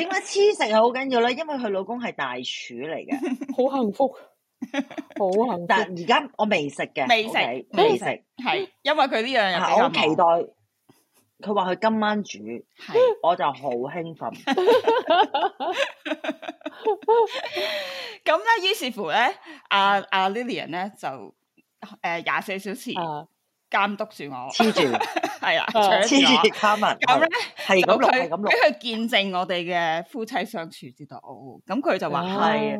點解黐食係好緊要咧？因為佢老公係大廚嚟嘅，好幸福，好幸福。但係而家我未食嘅，未食，未食，係因為佢呢樣嘢比較唔。我好期待佢話佢今晚煮，我就好興奮。咁咧，於是乎咧，阿阿 Lilian 咧就誒廿四小時。監督住我，黐住，係啊，黐住啲卡文，咁咧，係咁錄，係咁錄，俾佢見證我哋嘅夫妻相處之道。咁佢就話係，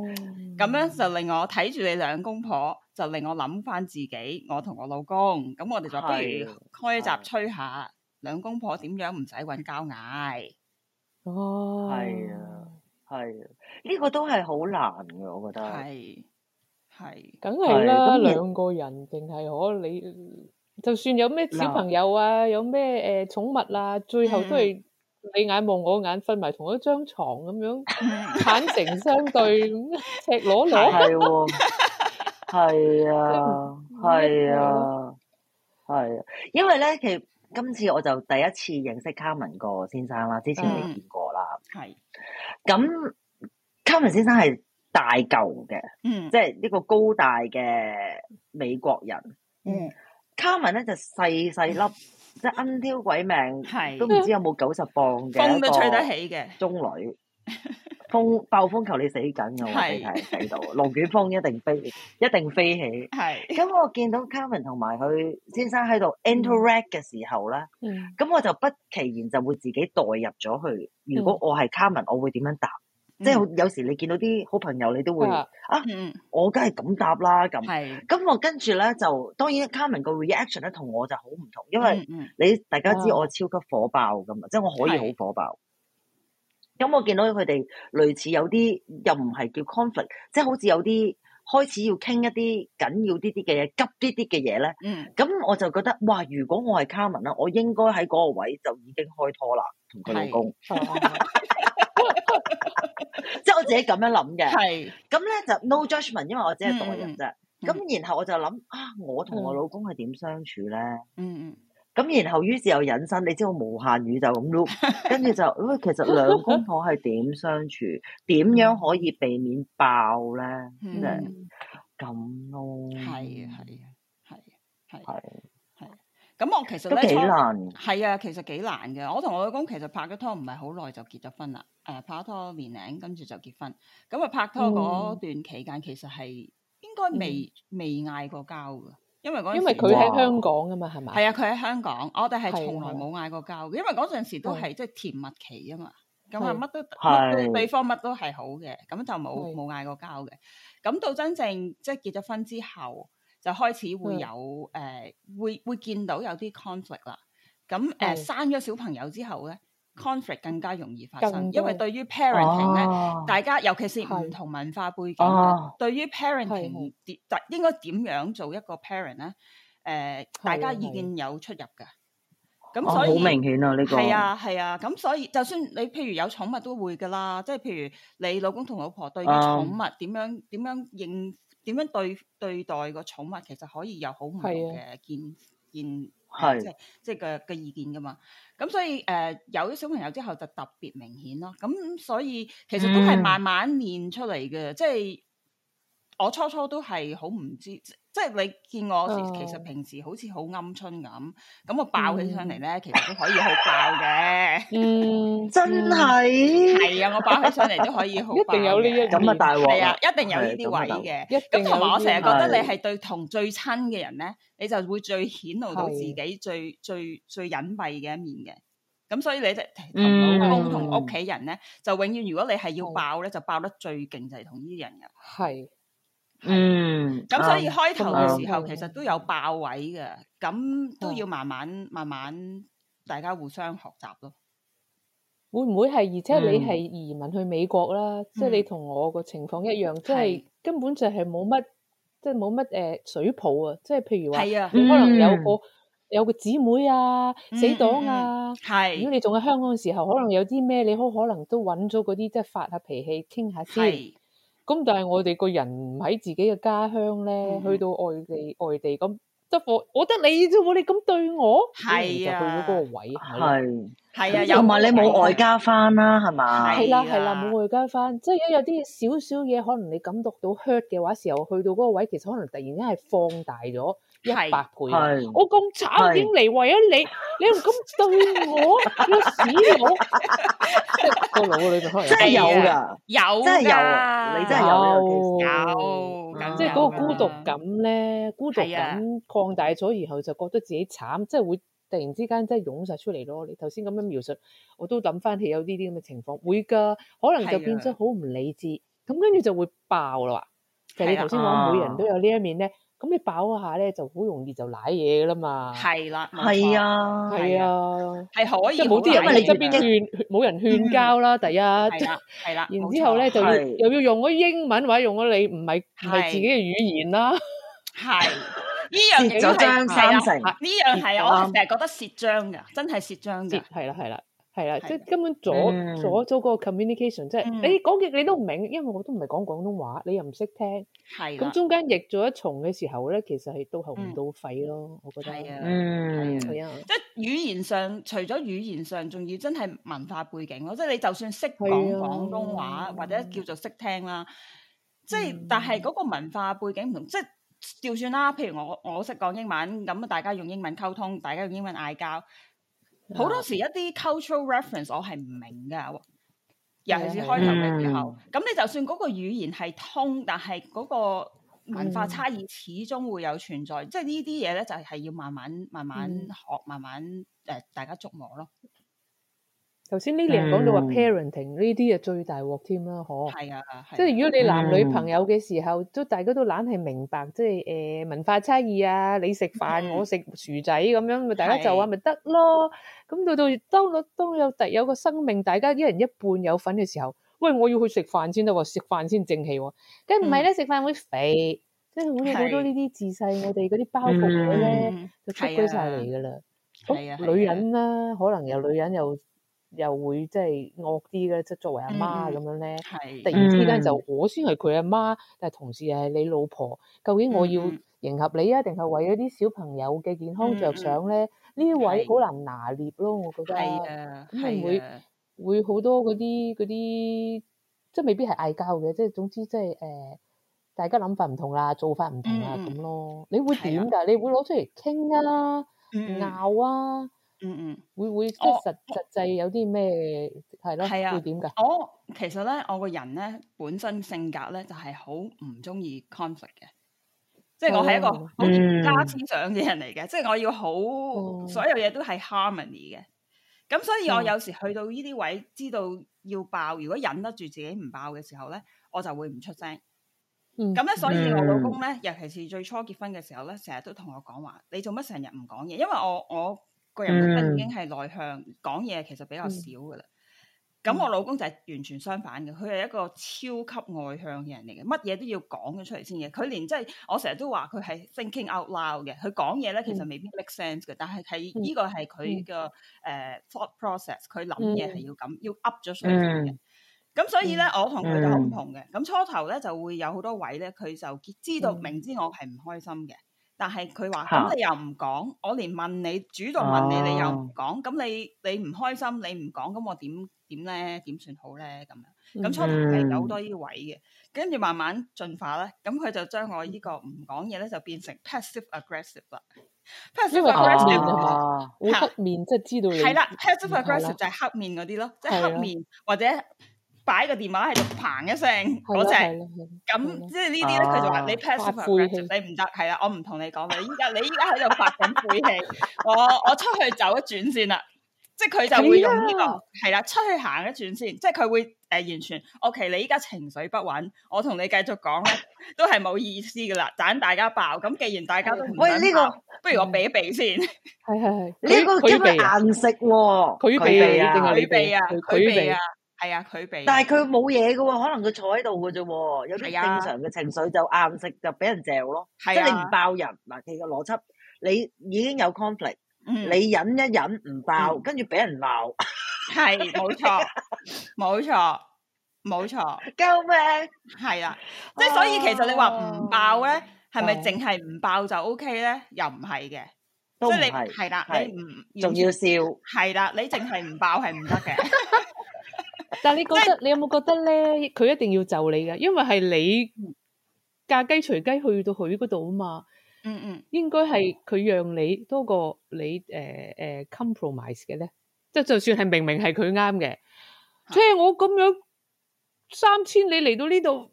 咁樣就令我睇住你兩公婆，就令我諗翻自己，我同我老公，咁我哋就不如開一集吹下，兩公婆點樣唔使搵交嗌。哦，係啊，係，呢個都係好難嘅，我覺得係，係，梗係啦，兩個人淨係可你。就算有咩小朋友啊，有咩誒寵物啊，最後都係你眼望我眼，瞓埋同一張床咁樣，坦誠相對咁赤裸裸。係喎，係啊，係啊，係啊。因為咧，其實今次我就第一次認識卡文個先生啦，之前未見過啦。係。咁卡文先生係大舊嘅，嗯，即係呢個高大嘅美國人，嗯。Carmen 咧就細細粒，即係暗挑鬼命，都唔知有冇九十磅嘅，風都吹得起嘅中女，風暴風球，你死梗啊，我哋睇睇到龍捲風一定飛，一定飛起。係咁，我見到 Carmen 同埋佢先生喺度 interact 嘅時候咧，咁我就不期然就會自己代入咗去。如果我係 Carmen，我會點樣答？即係有時你見到啲好朋友，你都會啊、嗯、啊，我梗係咁答啦咁。咁我跟住咧就當然 Carmen 個 reaction 咧同我就好唔同，因為你、嗯、大家知、哦、我超級火爆咁啊，即係我可以好火爆。咁是、嗯、我見到佢哋類似有啲又唔係叫 conflict，即係好似有啲開始要傾一啲緊要啲啲嘅嘢，急啲啲嘅嘢咧。咁、嗯嗯嗯、我就覺得嘩！如果我係 Carmen 啦，我應該喺嗰個位就已經開拖啦，同佢老公。是 即係我自己咁樣諗嘅，係咁咧就 no judgment，因為我只係代入啫。咁、嗯嗯、然後我就諗啊，我同我老公係點相處咧、嗯？嗯，咁然後於是又引申，你知我無限宇宙咁 loop，跟住就喂， 其實兩公婆係點相處，點、嗯、樣可以避免爆咧？即係咁咯。係啊，係啊，係係。的咁我其實咧，幾難，係啊，其實幾難嘅。我同我老公其實拍咗拖唔係好耐就結咗婚啦。誒，拍咗拖年零，跟住就結婚。咁啊，拍拖嗰段期間其實係應該未未嗌過交噶，因為因為佢喺香港噶嘛，係咪？係啊，佢喺香港，我哋係從來冇嗌過交，因為嗰陣時都係即係甜蜜期啊嘛。咁啊，乜都對對方乜都係好嘅，咁就冇冇嗌過交嘅。咁到真正即係結咗婚之後。就開始會有誒，會會見到有啲 conflict 啦。咁誒，生咗小朋友之後咧，conflict 更加容易發生，因為對於 parenting 咧，大家尤其是唔同文化背景嘅，對於 parenting 點，應該點樣做一個 parent 咧？誒，大家意見有出入嘅。咁所以好明顯啊！呢個係啊係啊，咁所以就算你譬如有寵物都會噶啦，即係譬如你老公同老婆對啲寵物點樣點樣認？點樣對對待個寵物其實可以有好唔同嘅見見，的見啊、即係即係嘅嘅意見噶嘛。咁所以誒、呃、有咗小朋友之後就特別明顯咯。咁所以其實都係慢慢練出嚟嘅，嗯、即係我初初都係好唔知。即係你見我其實平時好似好鵪鶉咁，咁我爆起上嚟咧，其實都可以去爆嘅。嗯， 嗯，真係係啊！我爆起上嚟都可以好 一定有呢一面。咁啊，大鑊係啊，一定有呢啲位嘅。咁同埋我成日覺得你係對同的最親嘅人咧，你就會最顯露到自己最的最最隱蔽嘅一面嘅。咁所以你同老公同屋企人咧，就永遠如果你係要爆咧，就爆得最勁就係同呢啲人嘅。係。嗯，咁所以開頭嘅時候其實都有爆位嘅，咁都要慢慢慢慢大家互相學習囉。會唔會係？而且你係移民去美國啦，即係你同我個情況一樣，即係根本就係冇乜，即係冇乜誒水泡啊！即係譬如話，你可能有個有個姊妹啊、死黨啊。係，如果你仲喺香港嘅時候，可能有啲咩，你好可能都揾咗嗰啲，即係發下脾氣傾下先。咁但係我哋個人唔喺自己嘅家鄉咧，去到外地，外地咁，即係我，我得你啫喎，你咁對我，係啊，就去咗嗰個位，係，係啊，有埋你冇外家返啦，係嘛，係啦係啦，冇外家返，即係一有啲少少嘢，可能你感覺到 hurt 嘅話，時候去到嗰個位，其實可能突然間係放大咗。一係百倍，我咁慘點嚟，為咗你，你咁對我，要屎我，個腦你真係真有噶，有真係有，你真係有，有，即係嗰個孤獨感咧，孤獨感擴大咗，然後就覺得自己慘，即係會突然之間即係湧晒出嚟咯。你頭先咁樣描述，我都諗翻起有呢啲咁嘅情況，會噶，可能就變咗好唔理智，咁跟住就會爆啦。就係你頭先講，每人都有呢一面咧。咁你爆下咧，就好容易就舐嘢噶啦嘛。係啦，係啊，係啊，係可以。即冇啲人，喺你側邊勸，冇人勸交啦。第一係啦，然之後咧，就又要用嗰啲英文或者用咗你唔係唔係自己嘅語言啦。係。呢樣嘢三成，呢樣係啊！我成日覺得蝕張嘅，真係蝕張嘅。係啦，係啦。係啦，即係根本阻阻咗嗰個 communication，即係你講極你都唔明，因為我都唔係講廣東話，你又唔識聽，咁中間譯咗一重嘅時候咧，其實係都喉唔到肺咯，我覺得，嗯，即係語言上除咗語言上，仲要真係文化背景咯，即係你就算識講廣東話或者叫做識聽啦，即係但係嗰個文化背景唔同，即係就算啦，譬如我我識講英文，咁啊大家用英文溝通，大家用英文嗌交。好多時一啲 cultural reference 我係唔明㗎，尤其是開頭嘅時候。咁你就算嗰個語言係通，但係嗰個文化差異始終會有存在，即係呢啲嘢咧就係、係、要慢慢慢慢學，慢慢誒、呃、大家捉摸咯。頭先 Lilian 講到話 parenting 呢啲係最大鑊添啦，嗬。係啊，即係如果你男女朋友嘅時候，都大家都懶係明白，即係誒文化差異啊，你食飯我食薯仔咁樣，咪大家就話咪得咯。咁到到當我當有第有個生命，大家一人一半有份嘅時候，喂，我要去食飯先得喎，食飯先正氣喎。梗唔係咧，食飯會肥，即係好似好多呢啲自細我哋嗰啲包袱咧，就出咗晒嚟㗎喇。係女人啦，可能有女人又。又會即係惡啲嘅，即係作為阿媽咁樣咧，突然之間、嗯、就我先係佢阿媽，但係同時又係你老婆，究竟我要迎合你啊，定係為咗啲小朋友嘅健康着想咧？呢位好難拿捏咯，我覺得。係啊。咁會的會好多嗰啲嗰啲，即係未必係嗌交嘅，即係總之即係誒，大家諗法唔同啦，做法唔同啊，咁咯，你。你會點㗎？你會攞出嚟傾㗎啦，拗啊？嗯嗯，嗯會會即係實實際有啲咩係咯？係啊我，點解的？我其實咧，我個人咧本身性格咧就係好唔中意 conflict 嘅，即係我係一個好加天象嘅人嚟嘅，哦嗯、即係我要好、嗯、所有嘢都係 harmony 嘅。咁所以，我有時去到呢啲位，知道要爆，如果忍得住自己唔爆嘅時候咧，我就會唔出聲。嗯，咁咧，所以我老公咧，尤其是最初結婚嘅時候咧，成日都同我講話：你做乜成日唔講嘢？因為我我。我我個人本身已經係內向，講嘢其實比較少噶啦。咁、嗯、我老公就係完全相反嘅，佢係一個超級外向嘅人嚟嘅，乜嘢都要講咗出嚟先嘅。佢連即係、就是、我成日都話佢係 thinking out loud 嘅，佢講嘢咧其實未必 make sense 嘅，但係係呢個係佢嘅誒 thought process，佢諗嘢係要咁、嗯、要 up 咗水平嘅。咁、嗯、所以咧，嗯、我同佢都唔同嘅。咁初頭咧就會有好多位咧，佢就知道、嗯、明知我係唔開心嘅。但係佢話：咁、啊、你又唔講，我連問你主動問你，你又唔講，咁你你唔開心，你唔講，咁我點點咧？點算好咧？咁樣咁初頭係有好多呢位嘅，跟住慢慢進化咧，咁佢就將我呢個唔講嘢咧，就變成 passive aggressive 啦。passive aggressive 啊，黑面即係知道你係啦，passive aggressive 就係黑面嗰啲咯，即係的黑面，就係、黑面的或者。擺個電話喺度，砰一聲好正。咁即係呢啲咧，佢就話你 passive aggressive 你唔得係啦，我唔同你講嘅，依家你依家喺度發緊晦氣，我我出去走一轉先啦，即係佢就會用呢個係啦，出去行一轉先，即係佢會誒完全 OK，你依家情緒不穩，我同你繼續講咧都係冇意思噶啦，盞大家爆，咁既然大家都唔想爆，喂呢個不如我避一避先，係係係，呢個叫佢硬食喎，避啊，避啊，避啊。係啊，佢俾，但係佢冇嘢嘅喎，可能佢坐喺度嘅啫喎，有啲正常嘅情緒就啱食就俾人嚼咯，即係你唔爆人嗱，其實邏輯，你已經有 conflict，你忍一忍唔爆，跟住俾人鬧，係冇錯，冇錯，冇錯，救命！係啦，即係所以其實你話唔爆咧，係咪淨係唔爆就 O K 咧？又唔係嘅，都唔係，係啦，你唔仲要笑，係啦，你淨係唔爆係唔得嘅。但你覺得你有冇覺得咧？佢一定要就你嘅，因為係你嫁雞隨雞去到佢嗰度啊嘛。嗯嗯，應該係佢讓你多過你誒誒 compromise 嘅咧。即係就算係明明係佢啱嘅，即係我咁樣三千，你嚟到呢度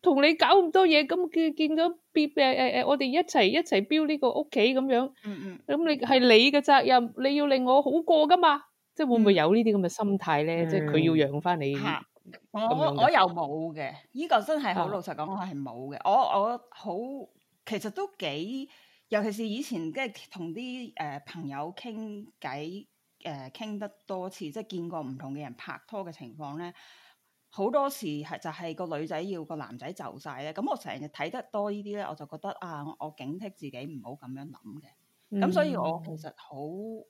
同你搞咁多嘢，咁見見咗別誒誒誒，我哋一齊一齊標呢個屋企咁樣。嗯嗯，咁你係你嘅責任，你要令我好過噶嘛？即係會唔會有呢啲咁嘅心態咧？嗯、即係佢要養翻你。嚇、嗯！我我，我又冇嘅，依、這個真係好、啊、老實講，我係冇嘅。我我好其實都幾，尤其是以前即係同啲誒朋友傾偈，誒、呃、傾得多次，即係見過唔同嘅人拍拖嘅情況咧，好多時係就係個女仔要個男仔就晒咧。咁我成日睇得多呢啲咧，我就覺得啊，我警惕自己唔好咁樣諗嘅。咁、嗯、所以我其實好。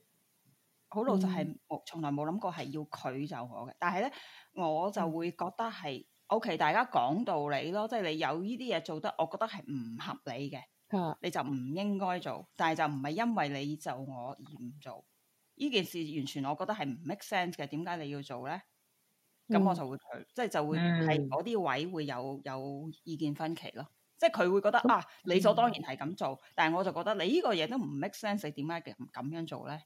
好老就係、是、冇，嗯、從來冇諗過係要佢就我嘅。但係咧，我就會覺得係、嗯、OK，大家講道理咯。即係你有呢啲嘢做得，我覺得係唔合理嘅，啊、你就唔應該做。但係就唔係因為你就我而唔做呢件事，完全我覺得係唔 make sense 嘅。點解你要做咧？咁我就會拒，嗯、即係就會喺嗰啲位會有有意見分歧咯。即係佢會覺得、嗯、啊，理所當然係咁做，但係我就覺得你呢個嘢都唔 make sense，你點解唔咁樣做咧？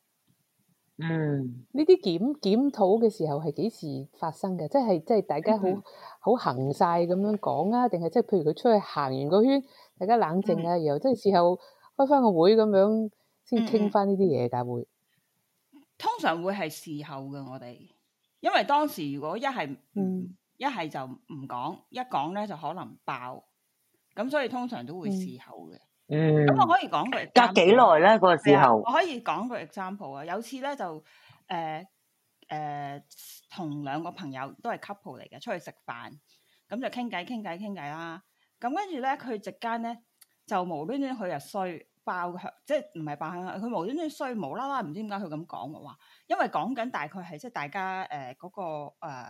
嗯，呢啲檢檢討嘅時候係幾時發生嘅？即係即係大家好好、嗯、行晒咁樣講啊？定係即係譬如佢出去行完個圈，大家冷靜啊，然、嗯、後即係事後開翻個會咁樣先傾翻呢啲嘢噶會？通常會係事後嘅，我哋因為當時如果一係嗯一係就唔講，一講咧就可能爆，咁所以通常都會事後嘅。嗯嗯，咁我可以講個隔幾耐咧，嗰個時候，我可以講個 example 啊。有次咧就誒誒同兩個朋友都係 couple 嚟嘅，出去食飯咁就傾偈傾偈傾偈啦。咁跟住咧佢直間咧就無端端佢又衰爆響，即係唔係爆響？佢無端端衰無啦啦，唔知點解佢咁講嘅話，因為講緊大概係即係大家誒嗰個誒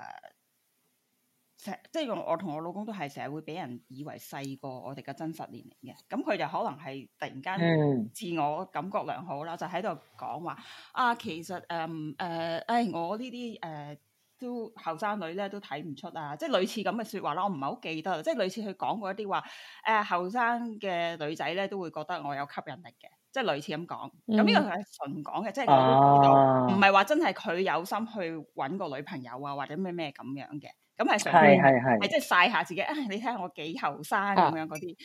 即係用我同我老公都係成日會俾人以為細過我哋嘅真實年齡嘅，咁佢就可能係突然間自我感覺良好啦，就喺度講話啊，其實誒誒，唉、嗯呃哎，我、呃、呢啲誒都後生女咧都睇唔出啊，即係類似咁嘅説話啦。我唔係好記得，即係類似佢講過一啲話誒，後、啊、生嘅女仔咧都會覺得我有吸引力嘅，即係類似咁講。咁呢、嗯、個係純講嘅，即係佢知道唔係話真係佢有心去揾個女朋友啊，或者咩咩咁樣嘅。咁係常見嘅，係即係晒下自己。唉，你睇下我幾後生咁樣嗰啲。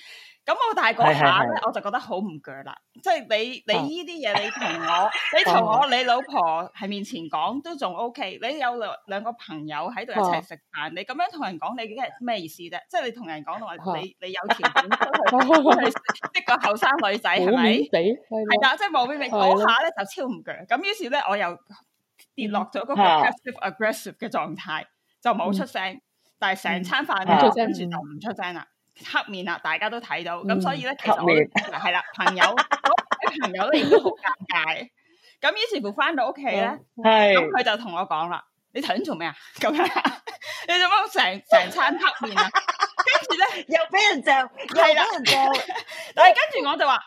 咁我大個下咧，我就覺得好唔鋸啦。即係你你呢啲嘢，你同我，你同我，你老婆喺面前講都仲 OK。你有兩兩個朋友喺度一齊食飯，你咁樣同人講，你係咩意思啫？即係你同人講，同你你有條件即係一個後生女仔，係咪？係係即係冇咩咩講下咧，就超唔鋸。咁於是咧，我又跌落咗個 aggressive aggressive 嘅狀態。就冇出聲，但係成餐飯跟住就唔出聲啦，黑面啦，大家都睇到。咁所以咧，其實我係啦，朋友，朋友咧已經好尷尬。咁於是乎翻到屋企咧，咁佢就同我講啦：「你頭先做咩啊？咁你做乜成成餐黑面啊？跟住咧又俾人嚼，又俾人嚼。但係跟住我就話，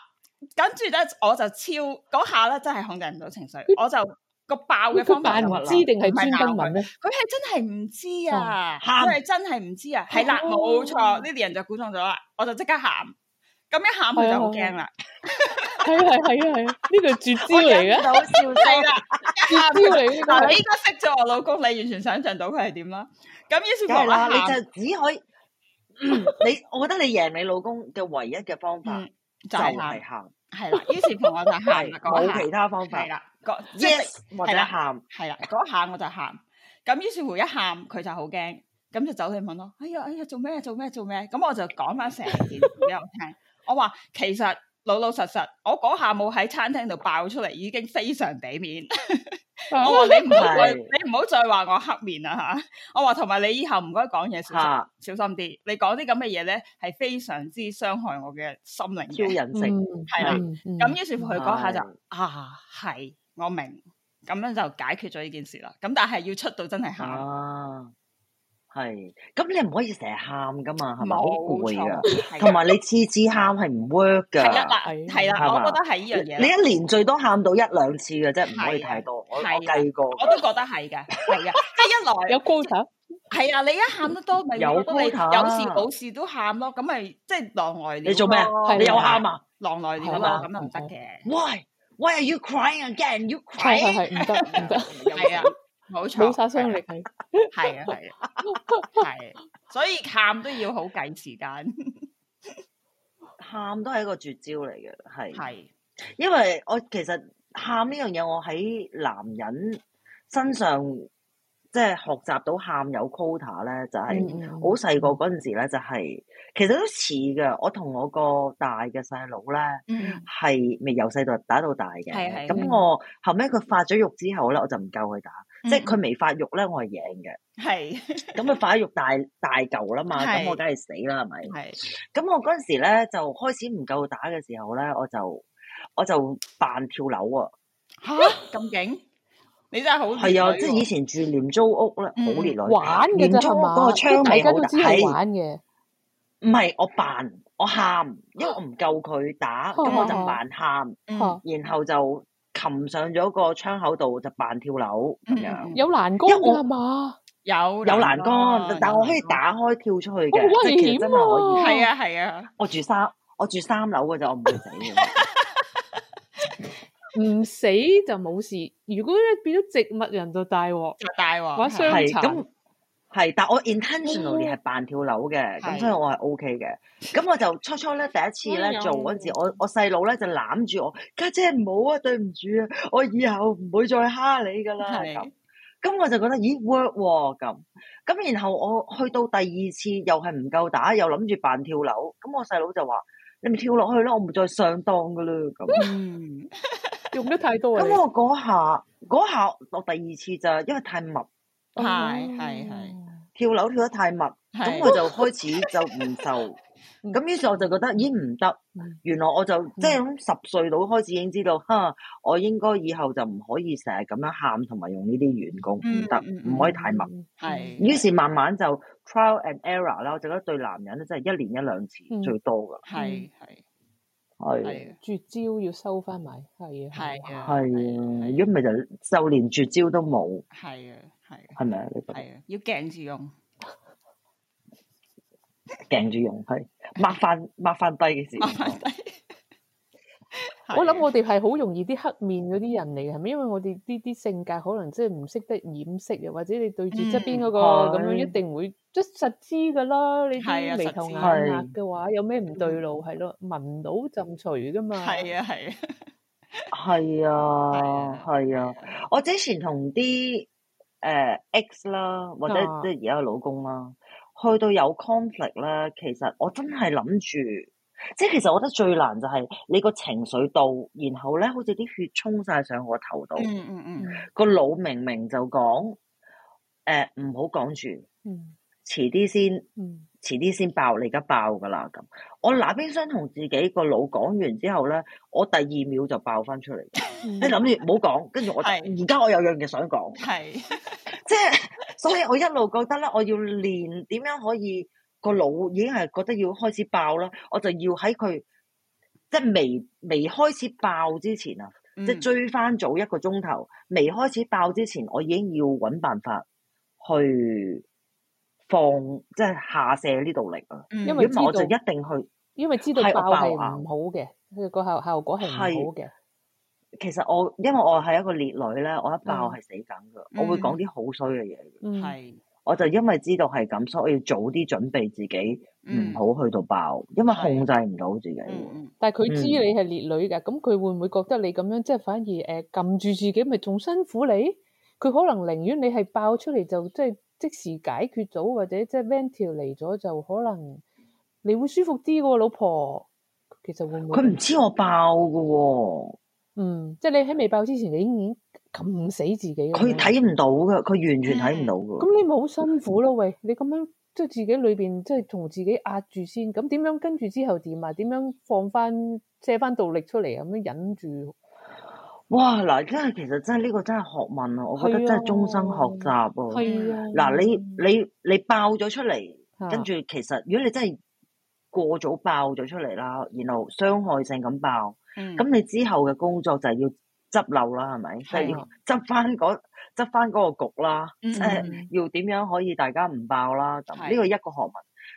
跟住咧我就超嗰下咧真係控制唔到情緒，我就。個爆嘅方法唔知定係孫金文咧？佢係真係唔知啊！佢係真係唔知啊！係啦，冇錯，呢啲人就估中咗啦，我就即刻喊，咁一喊佢就好驚啦。係啊係啊係啊！呢個係絕招嚟嘅。我見到消息啦。招嚟呢個。你應該識咗我老公，你完全想象到佢係點啦？咁於是乎啦，你就只可以，你我覺得你贏你老公嘅唯一嘅方法就係喊。係啦，於是乎我就喊，冇其他方法。yes，或者喊係啦，嗰下我就喊，咁於是乎一喊佢就好驚，咁就走去問咯。哎呀，哎呀，做咩做咩？做咩？咁我就講翻成件事俾我聽。我話其實老老實實，我嗰下冇喺餐廳度爆出嚟，已經非常俾面。我話你唔好再你唔好再話我黑面啦吓。我話同埋你以後唔該講嘢小心，小心啲。你講啲咁嘅嘢咧，係非常之傷害我嘅心靈，超人性係啦。咁於是乎佢嗰下就啊係。我明，咁樣就解決咗呢件事啦。咁但係要出到真係喊，係咁你唔可以成日喊噶嘛，係咪？好攰噶。同埋你次次喊係唔 work 噶，係啦，我覺得係呢樣嘢。你一年最多喊到一兩次嘅啫，唔可以太多。太低啊，我都覺得係嘅，係啊，即係一來有高潮，係啊，你一喊得多咪有高潮，有事冇事都喊咯，咁咪即係狼嚟。你做咩啊？你有喊啊？狼嚟啲噶嘛，咁就唔得嘅。w Why are you crying again? You cry？係係係，唔得唔得，係啊，冇錯，好殺傷力係。係啊係啊係啊，所以喊都要好緊時間，喊都係一個絕招嚟嘅，係。係，因為我其實喊呢樣嘢，我喺男人身上。即係學習到喊有 quota 咧，就係好細個嗰陣時咧，就係其實都似嘅。我同我個大嘅細佬咧，係未由細到打到大嘅。咁我後尾佢發咗育之後咧，我就唔夠佢打。即係佢未發育咧，我係贏嘅。係咁佢發咗育大大嚿啦嘛，咁我梗係死啦，係咪？係咁我嗰陣時咧就開始唔夠打嘅時候咧，我就我就扮跳樓啊！吓咁勁！你真係好係啊！即係以前住廉租屋啦，好年代。玩嘅啫嘛，嗰個窗唔係好大，大家都知係玩嘅。唔係我扮，我喊，因為我唔夠佢打，咁我就扮喊，然後就擒上咗個窗口度就扮跳樓咁樣。有欄杆嘅係嘛？有有欄杆，但係我可以打開跳出去嘅，即其實真係可以。係啊係啊，我住三，我住三樓嘅就我唔會死唔死就冇事，如果咧變咗植物人就大鑊，就大鑊惡，哇，傷殘。係咁，係，但係我 intentionally 係扮、哦、跳樓嘅，咁是所以我係 OK 嘅。咁我就初初咧第一次咧、哎、呀做嗰陣時，我我細佬咧就攬住我家姐，姐，唔好啊，對唔住啊，我以後唔會再蝦你噶啦。咁咁、嗯、我就覺得，咦 work 喎咁咁。然後我去到第二次，又係唔夠打，又諗住扮跳樓。咁我細佬就話：你咪跳落去咯，我唔再上當噶啦。咁。 用得太多啦！咁我嗰下嗰下落第二次咋，因為太密，係係係跳樓跳得太密，咁我就開始就唔受，咁於是我就覺得咦唔得，原來我就即係十歲到開始已經知道，吓我應該以後就唔可以成日咁樣喊同埋用呢啲軟功唔得，唔可以太密。係，於是慢慢就 trial and error 啦，我就覺得對男人真係一年一兩次最多噶，係係。係絕招要收翻埋，係啊，係啊，如果唔係就就連絕招都冇，係啊，係係咪啊？你覺啊，要鏡住用，鏡住用係抹翻抹翻低嘅事。抹抹 我諗我哋係好容易啲黑面嗰啲人嚟嘅，係咪？因為我哋呢啲性格可能即係唔識得掩飾，又或者你對住側邊嗰、嗰個咁、嗯、樣，是一定會即係實知噶啦。你啲、啊、眉頭眼額嘅話，是有咩唔對路係咯？聞到就除噶嘛。係啊係。係啊係啊！我之前同啲誒 ex 啦，或者即係而家老公啦，去到有 conflict 啦。其實我真係諗住。即係其實我覺得最難就係你個情緒到，然後咧，好似啲血沖晒上我頭度，個、嗯嗯、腦明明就講，誒唔好講住，遲啲先，遲啲先爆，你而家爆㗎喇咁。我那邊想同自己個腦講完之後咧，我第二秒就爆返出嚟。你諗住唔好講，跟住 我而家是我有樣嘢想講，即係所以我一路覺得咧，我要練點樣可以。個腦已經係覺得要開始爆啦，我就要喺佢即係未未開始爆之前啊，嗯、即係追翻早一個鐘頭，未開始爆之前，我已經要搵辦法去放即係下射呢度力啊。因為、嗯、我就一定去，因為，因為知道爆係唔好嘅，個效效果係唔好嘅。其實我因為我係一個烈女咧，我一爆係死梗噶，嗯嗯、我會講啲好衰嘅嘢嘅。嗯嗯我就因為知道係咁，所以要早啲準備自己，唔好去到爆，因為控制唔到自己。嗯、但係佢知你係烈女嘅，咁佢、嗯、會唔會覺得你咁樣即係反而誒撳、呃、住自己咪仲辛苦你？佢可能寧願你係爆出嚟就即係即，即時解決到，或者即係 ventil 嚟咗就可能你會舒服啲嘅喎，老婆。佢其實會唔會？佢唔知我爆嘅喎、哦，嗯，即係你喺未爆之前你已經。咁唔死自己，佢睇唔到噶，佢完全睇唔到噶。咁、嗯、你咪好辛苦咯？喂，你咁樣即係自己裏邊即係同自己壓住先，咁點樣跟住之後點啊？點樣放翻借翻道力出嚟咁樣忍住？哇！嗱，真係其實真係呢個真係學問啊！我覺得真係終身學習啊！嗱、啊啊，你你你爆咗出嚟，跟住其實如果你真係過早爆咗出嚟啦，然後傷害性咁爆，咁、嗯、你之後嘅工作就係要。執漏啦，係咪？即係執翻嗰，執翻個局啦，mm hmm. 要點樣可以大家唔爆啦？咁呢個一個學問。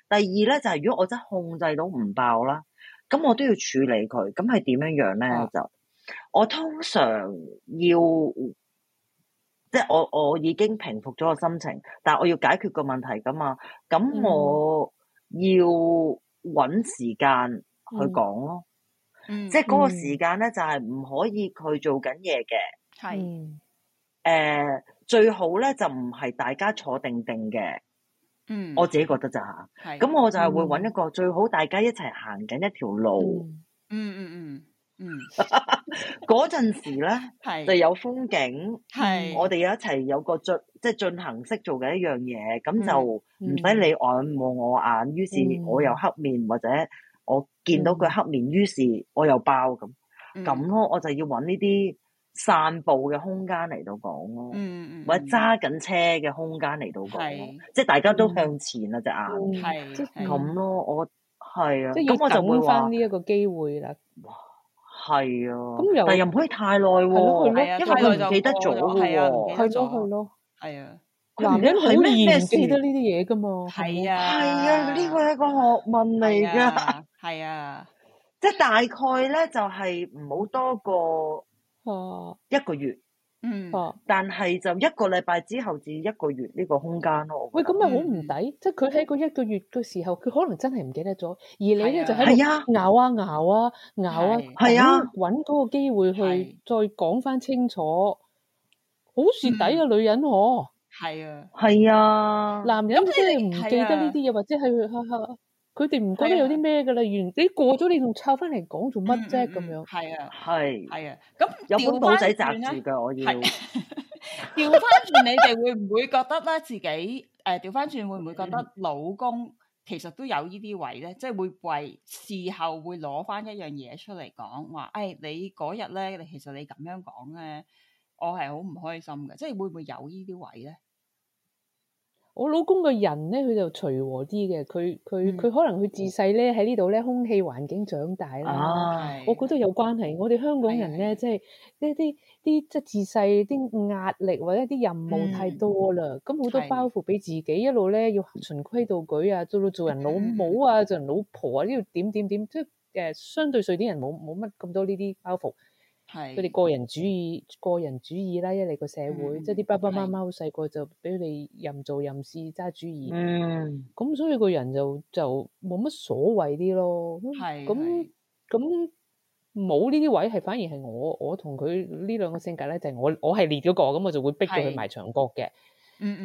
第二呢，就係、是、如果我真係控制到唔爆啦，咁我都要處理佢，咁係點樣樣呢？Mm hmm. 就我通常要，即係我我已經平復咗個心情，但係我要解決個問題噶嘛，咁我要搵時間去講咯。Mm hmm. mm hmm. Mm, mm. 即係嗰個時間咧，就係、是、唔可以去做緊嘢嘅。係是，誒、呃、最好咧就唔係大家坐定定嘅。嗯，mm. 我自己覺得咋嚇。係是，咁我就係會揾一個最好大家一齊行緊一條路。嗯嗯嗯嗯。嗰陣時咧，係就有風景。係是，我哋一齊有個進即係進行式做緊一樣嘢，咁 是就唔使你眼望我眼，於是我又黑面、mm. 或者我見到佢黑面，於是我又爆咁咁咯，我就要搵呢啲散步嘅空間嚟到講咯，或者揸緊車嘅空間嚟到講，即係大家都向前啊隻眼，咁咯，我係啊，咁我就會話呢一個機會啦，係啊，但係又唔可以太耐喎，因為佢唔記得咗嘅喎，係咯係咯，係啊，男人好易試得呢啲嘢㗎嘛，係啊係啊，呢個係一個學問嚟㗎。係啊， 即係大概咧，就係唔好多過哦一個月，嗯 ，但係就一個禮拜之後至一個月呢個空間咯。喂，咁咪好唔抵？嗯、即係佢喺嗰一個月嘅時候，佢可能真係唔記得咗，而你咧、啊、就喺度咬啊咬啊咬啊，係啊，搵嗰、啊啊啊、個機會去再講翻清楚，好蝕底嘅女人嗬，係啊，係啊，男人即係唔記得呢啲嘢，或者係去。哈哈。佢哋唔覺得有啲咩噶啦，原、哎、呀你過咗你仲摷翻嚟講做乜啫？咁樣係啊，係係啊。咁、啊、有本簿仔集住嘅，我要調翻轉，你哋會唔會覺得咧自己誒調翻轉會唔會覺得老公其實都有呢啲位咧？即係、嗯、會為事後會攞翻一樣嘢出嚟講話，誒、哎、你嗰日咧，其實你咁樣講咧，我係好唔開心嘅。即係 會唔會有呢啲位咧？我老公嘅人咧，佢就隨和啲嘅。佢佢佢可能佢自細咧喺呢度咧、嗯、空氣環境長大啦。哎、我覺得有關係。我哋香港人咧，即係呢啲啲即係自細啲壓力或者啲任務太多啦，咁好、嗯、多包袱俾自己的一路咧要循規蹈矩啊，做到做人老母啊，做人老婆啊，呢度點點點，即係誒相對上啲人冇冇乜咁多呢啲包袱。係佢哋個人主義、個人主義啦，一嚟個社會，嗯、即係啲爸爸媽媽好細個就，俾你任做任事揸主意，嗯，咁所以個人就就冇乜所謂啲咯。係咁咁冇呢啲位，係反而係我我同佢呢兩個性格咧，就係、是、我我係烈咗個，咁我，嗯嗯、 我就會逼住佢埋牆角嘅。嗯嗯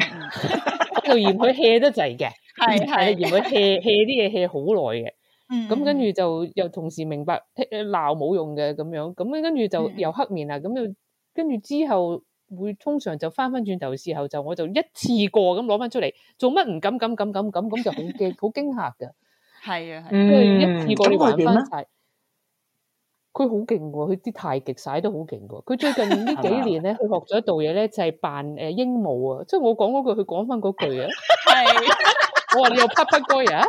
嗯，我是是嫌佢 hea 得滯嘅，係係嫌佢 hea hea 啲嘢 hea 好耐嘅。咁跟住就又同時明白，鬧冇用嘅咁樣。咁跟住就又黑面喇，咁樣跟住之後會通常就翻翻轉頭時候就我就一次過咁攞翻出嚟做乜唔敢敢敢敢敢咁就好驚好驚吓噶。係啊，係跟住一次過你玩翻晒。佢好勁嘅，佢啲太極耍都好勁嘅。佢最近呢幾年咧，佢學咗一道嘢咧，就係扮誒鸚鵡啊。即係我講嗰句，佢講翻嗰句啊。我話你又啪啪哥啊！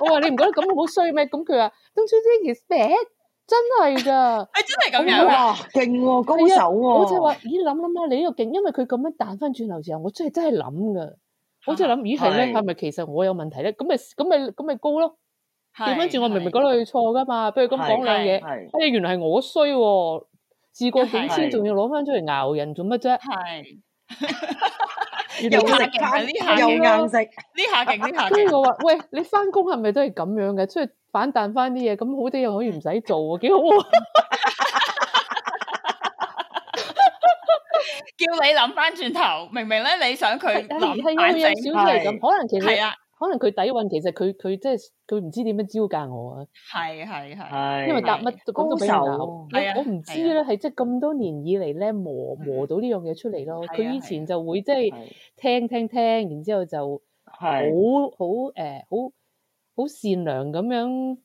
我話你唔覺得咁好衰咩？咁佢話 Don't you think it's bad？真係噶係真係咁樣哇，勁喎，高手喎。我即係話咦諗諗下你呢個勁，因為佢咁樣彈翻轉頭時候，我真係真係諗噶，我即係諗咦係咧係咪其實我有問題咧？咁咪咁咪咁咪高咯？掉翻轉我明明覺得係錯噶嘛，不如咁講兩嘢，哎原來係我衰，事過境遷，仲要攞翻出嚟咬人做乜啫？又食勁啲下，又硬食呢吧下勁啲下。跟住 我話 喂，你翻工係咪都係咁樣嘅，出去反彈翻啲嘢，咁好啲又可以唔使做啊，幾好啊！ 叫你諗翻轉頭，明明咧你想佢諗翻有少少咁，是是可能其實係啊。可能佢底蘊，其實佢佢即係佢唔知點樣招架我啊。係係係，因為答乜都講到畀我，我我唔知咧，係即係咁多年以嚟咧，磨磨到呢樣嘢出嚟咯。佢以前就會即係聽聽聽，然之後就好好誒好好善良咁樣，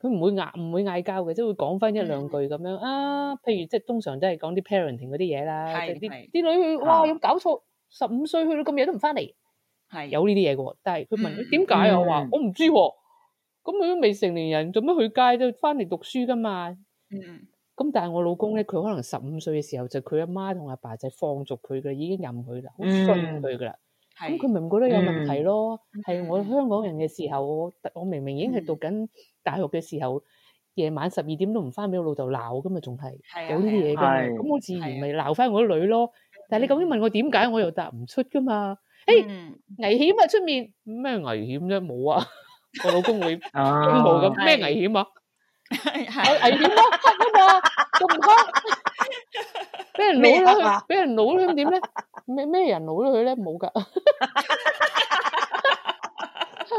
佢唔會嗌唔會嗌交嘅，即係會講翻一兩句咁樣啊。譬如即係通常都係講啲 parenting 嗰啲嘢啦，啲啲女去「哇，有搞錯，十五歲去到咁夜都唔翻嚟。係是有呢啲嘢嘅。但係佢問佢點解，我話我唔知喎、啊。咁佢都未成年人，做咩去街啫？翻嚟讀書噶嘛。嗯。咁、嗯、但係我老公咧，佢可能十五歲嘅時候就佢、是、阿媽同阿爸就放逐佢嘅，已經任佢啦，好信佢噶啦。咁佢咪唔覺得有問題咯？係是我香港人嘅時候，嗯、我明明已經係讀緊大學嘅時候，夜晚十二點都唔翻俾我老豆鬧，噶嘛，仲係有呢啲嘢嘅，咁我自然咪鬧翻我女咯。但係你究竟問我點解，我又答唔出噶嘛。誒，hey, 嗯、危險啊！出面咩危險啫、啊？冇啊，我老公會驚毛咁咩危險啊？有 危險咯，有冇啊？咁啱、 啊，俾 人攞咗去，俾人攞咗去點咧？咩咩人攞咗佢咧？冇噶。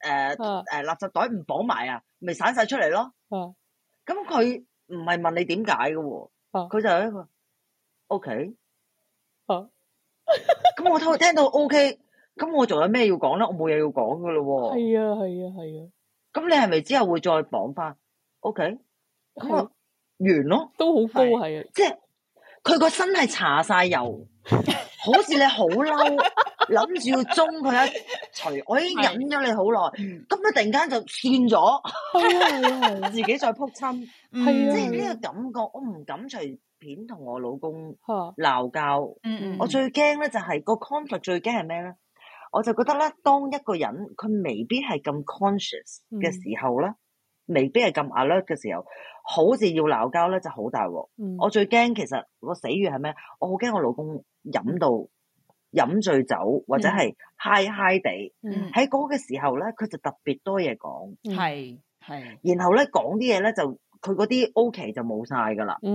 誒誒，垃圾袋唔綁埋啊，咪散晒出嚟咯。咁佢唔係問你點解嘅喎，佢就喺度。O K，吓？咁我都聽到 O K，咁我仲有咩要講咧？我冇嘢要講嘅咯。係啊係啊係啊！咁你係咪之後會再綁翻？O K，完咯，都好高係啊，即係佢個身係搽晒油，好似你好嬲。諗住要中佢一除，我已經忍咗你好耐，咁一的突然間就斷咗， 自己再撲親，即係呢個感覺，我唔敢隨便同我老公鬧交。的我最驚咧就係個 conflict，最驚係咩咧？我就覺得咧，當一個人佢未必係咁 conscious 嘅時候咧，的未必係咁 alert 嘅時候，好似要鬧交咧就好大鑊。我最驚其實個死穴係咩？我好驚我老公飲到。飲醉酒或者係嗨嗨哋，喺嗰、嗯、個時候咧，佢就特別多嘢講，係係、嗯，然後咧講啲嘢咧就佢嗰啲 OK 就冇晒噶啦，佢、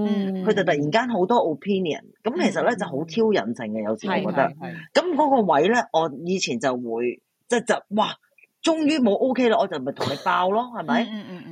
嗯、就突然間好多 opinion，咁其實咧、嗯、就好挑釁性嘅，有時我覺得，咁嗰個位咧，我以前就會即係就，就哇。終於冇 OK 啦，我就咪同你爆咯，係咪？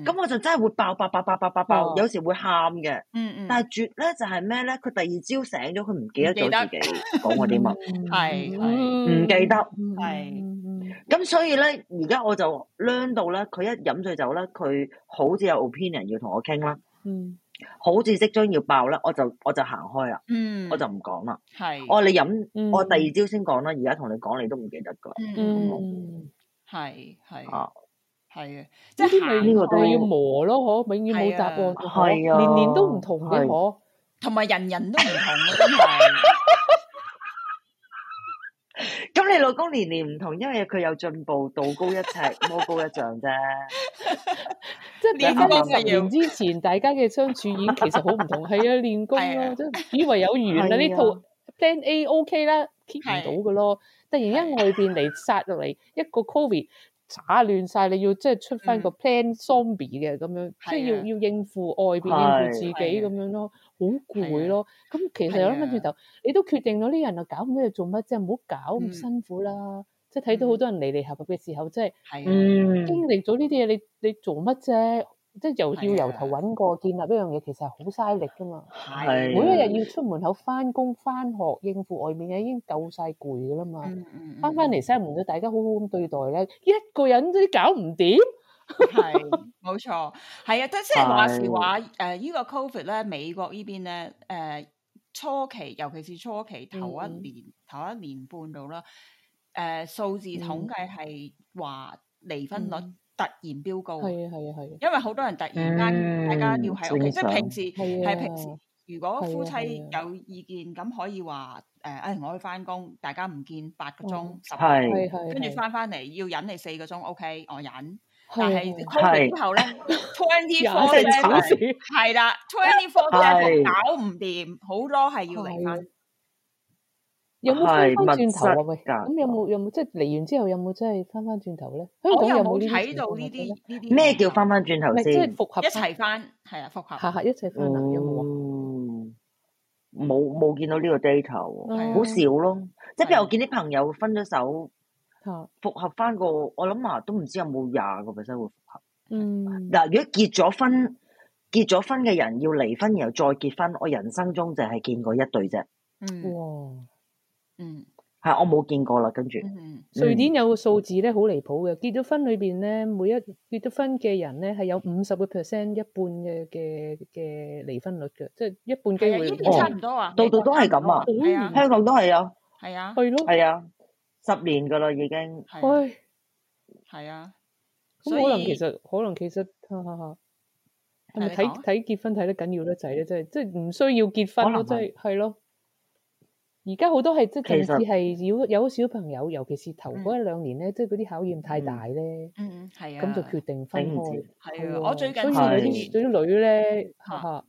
咁我就真係會爆，爆爆爆爆爆，有時會喊嘅。嗯嗯。但係絕咧就係咩咧？佢第二朝醒咗，佢唔記得咗自己講我啲乜，係唔記得。係。咁所以咧，而家我就孏到咧，佢一飲醉酒咧，佢好似有 opinion 要同我傾啦，嗯，好似即將要爆啦，我就我就行開啦，嗯，我就唔講啦，係。我你飲，我第二朝先講啦。而家同你講，你都唔記得㗎。嗯。係係，係啊！即係呢個都要磨咯，嗬，永遠冇閘嘅，係啊，年年都唔同嘅，嗬。同埋人人都唔同嘅，真係。咁你老公年年唔同，因為佢有進步，道高一尺，魔高一丈啫。即係練功十年之前，大家嘅相處已經其實好唔同，係啊，練功啊，真以為有緣啦。呢套 Plan A OK 啦，keep 唔到㗎咯。突然間外邊嚟殺落嚟 一個 covid 打亂晒，你要即係出翻個 plan zombie 嘅咁樣，即、就、係、是、要、啊、要應付外邊、啊、應付自己咁樣咯，好攰咯。咁、啊、其實我諗翻轉頭，啊、你都決定咗啲人又搞咁多嘢做乜啫？唔好搞咁辛苦啦。即係睇到好多人離離合合嘅時候，即係、嗯、經歷咗呢啲嘢，你你，你做乜啫？即係又要由頭搵個建立呢樣嘢，其實係好嘥力噶嘛。係，每一日要出門口翻工翻學應付外面嘢，已經夠晒攰噶啦嘛。翻翻嚟閂門，咁大家好好咁對待咧，一個人都搞唔掂。係，冇錯。係啊，即係話時話，誒，呢個 Covid 咧，美國呢邊咧，誒，初期尤其是初期頭一年頭一年半度啦，誒，數字統計係話離婚率。突然飆高，係啊係啊係啊！因為好多人突然間，大家要喺屋企，即係平時係平時。如果夫妻有意見，咁可以話誒，哎，我去翻工，大家唔見八個鐘，十係，跟住翻翻嚟要忍你四個鐘，OK，我忍。係，但係開完之後咧，twenty four 咧係啦，twenty four 咧就搞唔掂，好多係要離婚。有冇翻翻轉頭啊？喂，咁有冇有冇即係離完之後有冇即係翻翻轉頭咧？我又冇睇到呢啲，呢啲咩叫翻翻轉頭先？即係復合一齊翻，係啊，復合下下一齊復合、嗯、有冇、嗯、啊？冇冇見到呢個 data，好少咯。即係譬如我見啲朋友分咗手，復、啊、合翻個，我諗下都唔知有冇廿個 percent 會復合。嗯，嗱，如果結咗婚，結咗婚嘅人要離婚然後再結婚，我人生中就係見過一對啫。嗯，嗯，係我冇見過啦，跟住瑞典有個數字咧，好離譜嘅，結咗婚裏邊咧，每一結咗婚嘅人咧，係有五十個 percent 一半嘅嘅嘅離婚率嘅，即係一半機會。一半差唔多啊，度度都係咁啊，香港都係啊，係啊，係咯，係啊，十年噶啦已經，係，係啊，咁可能其實可能其實吓吓吓，係咪睇睇結婚睇得緊要得滯咧？即係即係唔需要結婚咯，即係係咯。而家好多係即係，甚至係如果有小朋友，尤其是頭嗰一兩年咧，即係嗰啲考驗太大咧，咁就決定分開。係啊，我最近對於對於女咧嚇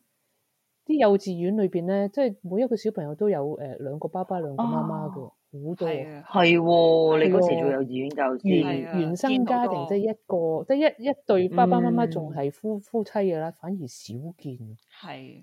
啲幼稚園裏邊咧，即係每一個小朋友都有誒兩個爸爸兩個媽媽嘅好多係喎。你嗰時做幼稚園教師，原原生家庭即係一個即係一一對爸爸媽媽仲係夫夫妻嘅啦，反而少見。係。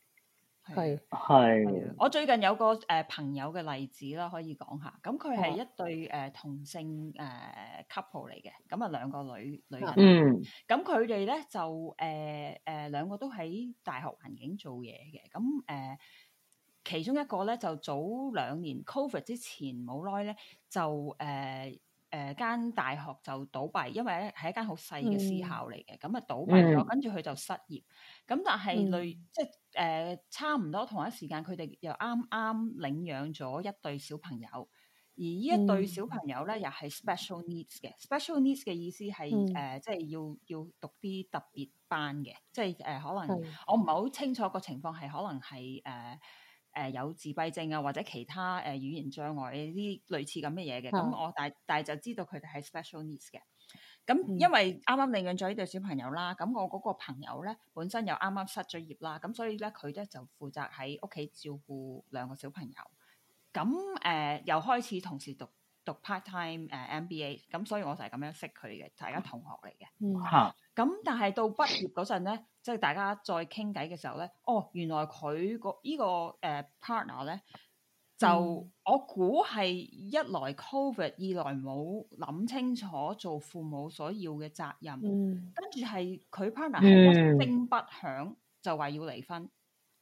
係，係是。是我最近有個誒、呃、朋友嘅例子啦，可以講下。咁佢係一對誒、啊呃、同性誒、呃、couple 嚟嘅，咁啊兩個女女人。嗯。咁佢哋咧就誒誒、呃、兩個都喺大學環境做嘢嘅，咁誒、呃、其中一個咧就早兩年 COVID 之前冇耐咧就誒。呃誒、呃、間大學就倒閉，因為係一間好細嘅私校嚟嘅，咁啊、嗯、倒閉咗，嗯、跟住佢就失業。咁但係類、嗯、即係誒、呃、差唔多同一時間，佢哋又啱啱領養咗一對小朋友，而呢一對小朋友咧又係 special needs 嘅，special needs 嘅意思係誒、嗯呃、即係要要讀啲特別班嘅，即係誒、呃、可能的我唔係好清楚個情況係可能係誒。呃誒、呃、有自閉症啊，或者其他誒、呃、語言障礙呢啲類似咁嘅嘢嘅，咁我、嗯、但但係就知道佢哋係 special needs 嘅。咁因為啱啱領養咗呢對小朋友啦，咁我嗰個朋友咧本身又啱啱失咗業啦，咁所以咧佢咧就負責喺屋企照顧兩個小朋友。咁誒、呃、又開始同時讀。讀 part time 誒、uh, MBA，咁所以我就係咁樣識佢嘅，大家同學嚟嘅。嗯，嚇，咁但係到畢業嗰陣咧，即、就、係、是、大家再傾偈嘅時候咧，哦，原來佢、這個依個誒 partner 咧，就、嗯、我估係一來 Covid，二來冇諗清楚做父母所要嘅責任。跟住係佢 partner 係不聲不響、嗯、就話要離婚，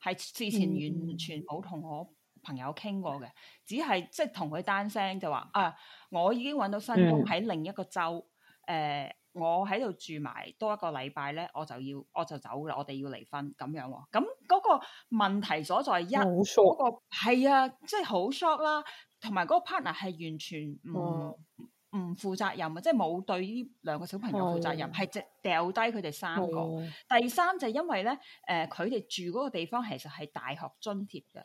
係事前完全冇同我朋友傾過嘅，只係即係同佢單聲就話啊，我已經揾到新工喺另一個州，誒、嗯呃，我喺度住埋多一個禮拜咧，我就要我就走啦，我哋要離婚咁樣喎。咁、嗯、嗰、那個問題所在一，嗰短、那個係啊，即係好 short 啦，同埋嗰個 partner 係完全唔唔、嗯、負責任嘅，即係冇對呢兩個小朋友負責任，係直掉低佢哋三個。嗯、第三就係因為咧，誒、呃，佢哋住嗰個地方其實係大學津貼嘅。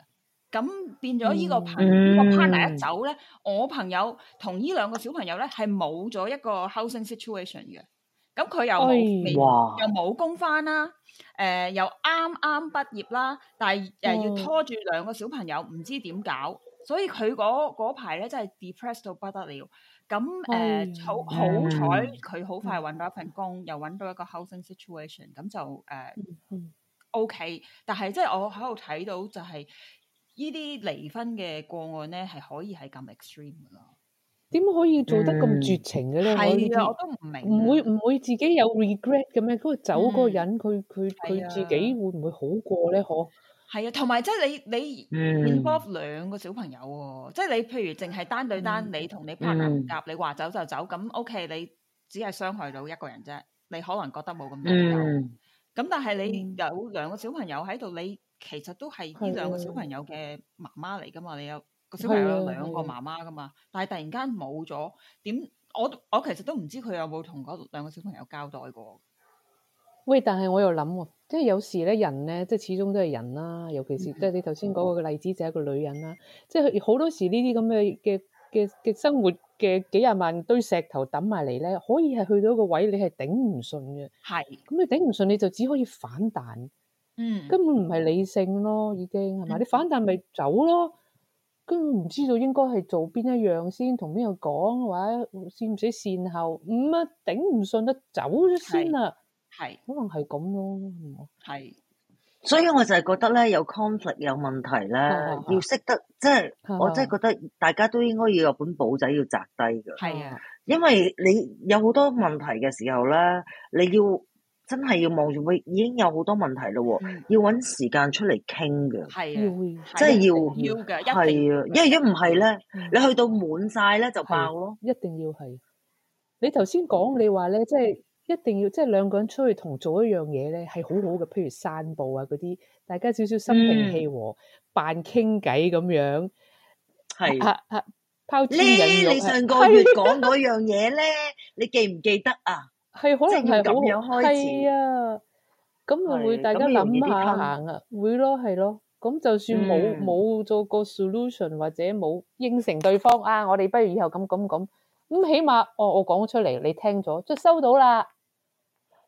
咁變咗依個朋、嗯、個 partner 一走咧，嗯、我朋友同依兩個小朋友咧係冇咗一個 housing situation 嘅。咁佢又未、哎、呦又冇工翻啦，誒、呃、又啱啱畢業啦，但係誒、呃、要拖住兩個小朋友唔知點搞，所以佢嗰排咧真係 depressed 到不得了。咁誒、呃哎、呦好好彩，佢好快揾到一份工，嗯、又揾到一個 housing situation，咁就誒、呃嗯嗯、OK 但。但係即係我喺度睇到就係、是。呢啲離婚嘅個案咧，係可以係咁 extreme 嘅咯？點可以做得咁絕情嘅咧？係啊，我都唔明，唔會唔會自己有 regret 咁樣？嗰個走嗰個人，佢佢佢自己會唔會好過咧？嗬係啊，同埋即係你你 involve 兩個小朋友喎，即係你譬如淨係單對單，你同你 partner 夾，你話走就走咁 OK，你只係傷害到一個人啫，你可能覺得冇咁重要。咁但係你有兩個小朋友喺度，你。其實都係呢兩個小朋友嘅媽媽嚟噶嘛？的你有個小朋友有兩個媽媽噶嘛？的但係突然間冇咗，點我我其實都唔知佢有冇同嗰兩個小朋友交代過。喂，但係我又諗、哦，即係有時咧，人咧，即係始終都係人啦。尤其是即係你頭先嗰個嘅例子，就係一個女人啦、啊。嗯嗯、即係好多時呢啲咁嘅嘅嘅嘅生活嘅幾廿萬堆石頭抌埋嚟咧，可以係去到一個位你頂，你係頂唔順嘅。係、嗯。咁你頂唔順，你就只可以反彈。嗯，根本唔係理性咯，已經係嘛？嗯、你反彈咪走咯，根本唔知道應該係做邊一樣先，同邊個講或者使唔使善後？唔、嗯、啊，頂唔順得走先啦，係可能係咁咯，係。所以我就係覺得咧，有 conflict 有問題咧，啊啊、要識得即係我真係覺得大家都應該要有本簿仔要摘低㗎。係啊，因為你有好多問題嘅時候咧，你要。真係要望住，會已經有好多問題咯。要揾時間出嚟傾嘅，真係要，係啊，因為一唔係咧，你去到滿晒咧就爆咯。一定要係。你頭先講，你話咧，即係一定要，即係兩個人出去同做一樣嘢咧，係好好嘅。譬如散步啊，嗰啲大家少少心平氣和，扮傾偈咁樣。係啊啊！拋磚引玉。你你上個月講嗰樣嘢咧，你記唔記得啊？係可能係好，係啊，咁會唔會大家諗下行啊，會咯，係咯，咁就算冇冇做個 solution 或者冇應承對方啊，我哋不如以後咁咁咁，咁起碼哦，我講咗出嚟你聽咗即係收到啦，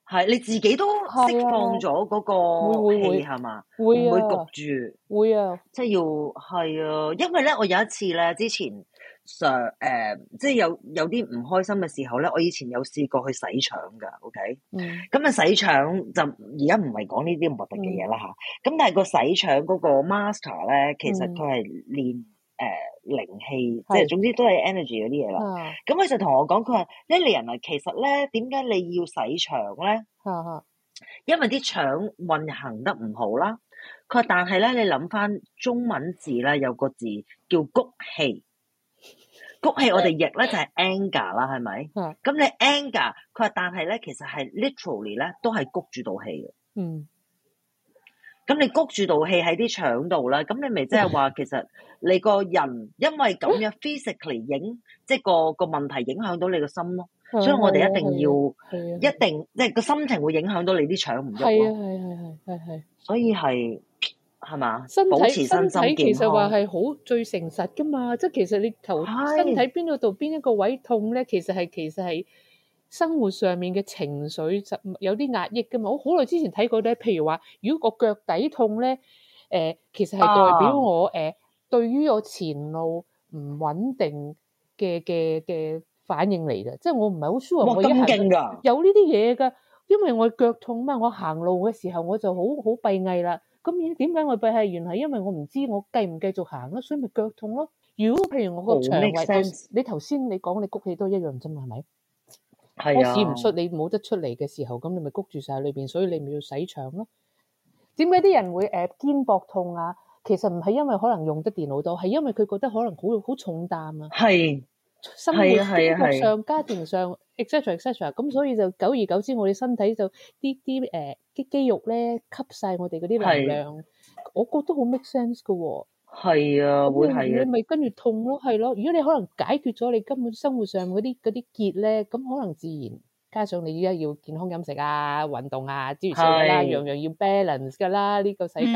係你自己都釋放咗嗰個氣，會會係嘛，會唔會焗住？會啊，即係要係啊，因為咧我有一次咧之前。上誒，即係、so, uh, 有有啲唔開心嘅時候咧。我以前有試過去洗腸㗎，OK？嗯，咁啊、嗯嗯、洗腸就而家唔係講呢啲咁核突嘅嘢啦嚇。咁、嗯、但係個洗腸嗰個 master 咧，其實佢係練誒、uh, 靈氣，即係、嗯、總之都係 energy 嗰啲嘢啦。咁佢是就同我講，佢話 Lilian 啊，其實咧點解你要洗腸咧？嚇嚇是，因為啲腸運行得唔好啦。佢話，但係咧，你諗翻中文字咧，有個字叫谷氣。谷氣我哋譯咧就係 anger 啦，係咪？咁你 anger，佢話，但係咧，其實係 literally 咧都係谷住道氣嘅。嗯。咁你谷住道氣喺啲腸度咧，咁你咪即係話，其實你個人因為咁樣 physically 影，即係個個問題影響到你個心咯。所以我哋一定要，一定即係個心情會影響到你啲腸唔郁。係啊，係，係，係，係，係。所以係。係嘛？身體身，身體其實話係好最誠實噶嘛，的即係其實你頭身體邊度，度邊一個位痛咧，其實係其實係生活上面嘅情緒有啲壓抑噶嘛。我好耐之前睇過咧，譬如話如果個腳底痛咧，誒、呃、其實係代表我誒、啊呃、對於我前路唔穩定嘅嘅嘅反應嚟嘅，即係我唔係好舒服。哇，咁勁噶！有呢啲嘢噶，啊、因為我腳痛嘛，我行路嘅時候我就好好閉翳啦。咁點解我弊係？原係因為我唔知我繼唔繼續行咯，所以咪腳痛咯。如果譬如我個腸胃，你頭先你講你谷氣都一樣啫嘛，係咪？係啊。屎 唔樂出，你冇得出嚟嘅時候，咁你咪谷住曬裏邊，所以你咪要洗腸咯。點解啲人會誒肩膊痛啊？其實唔係因為可能用得電腦多，係因為佢覺得可能好好重擔啊。係。 生活上、是家庭上 etc. 咁，所以就久而久之，我哋身體就啲啲誒啲肌肉咧吸晒我哋嗰啲能量，是我覺得好 make sense 噶喎。係啊，會係你咪跟住痛咯，係咯，啊。如果你可能解決咗你根本生活上嗰啲啲結咧，咁可能自然加上你依家要健康飲食啊、運動啊，諸如此類，是樣樣要 balance 噶啦。呢、這個世界，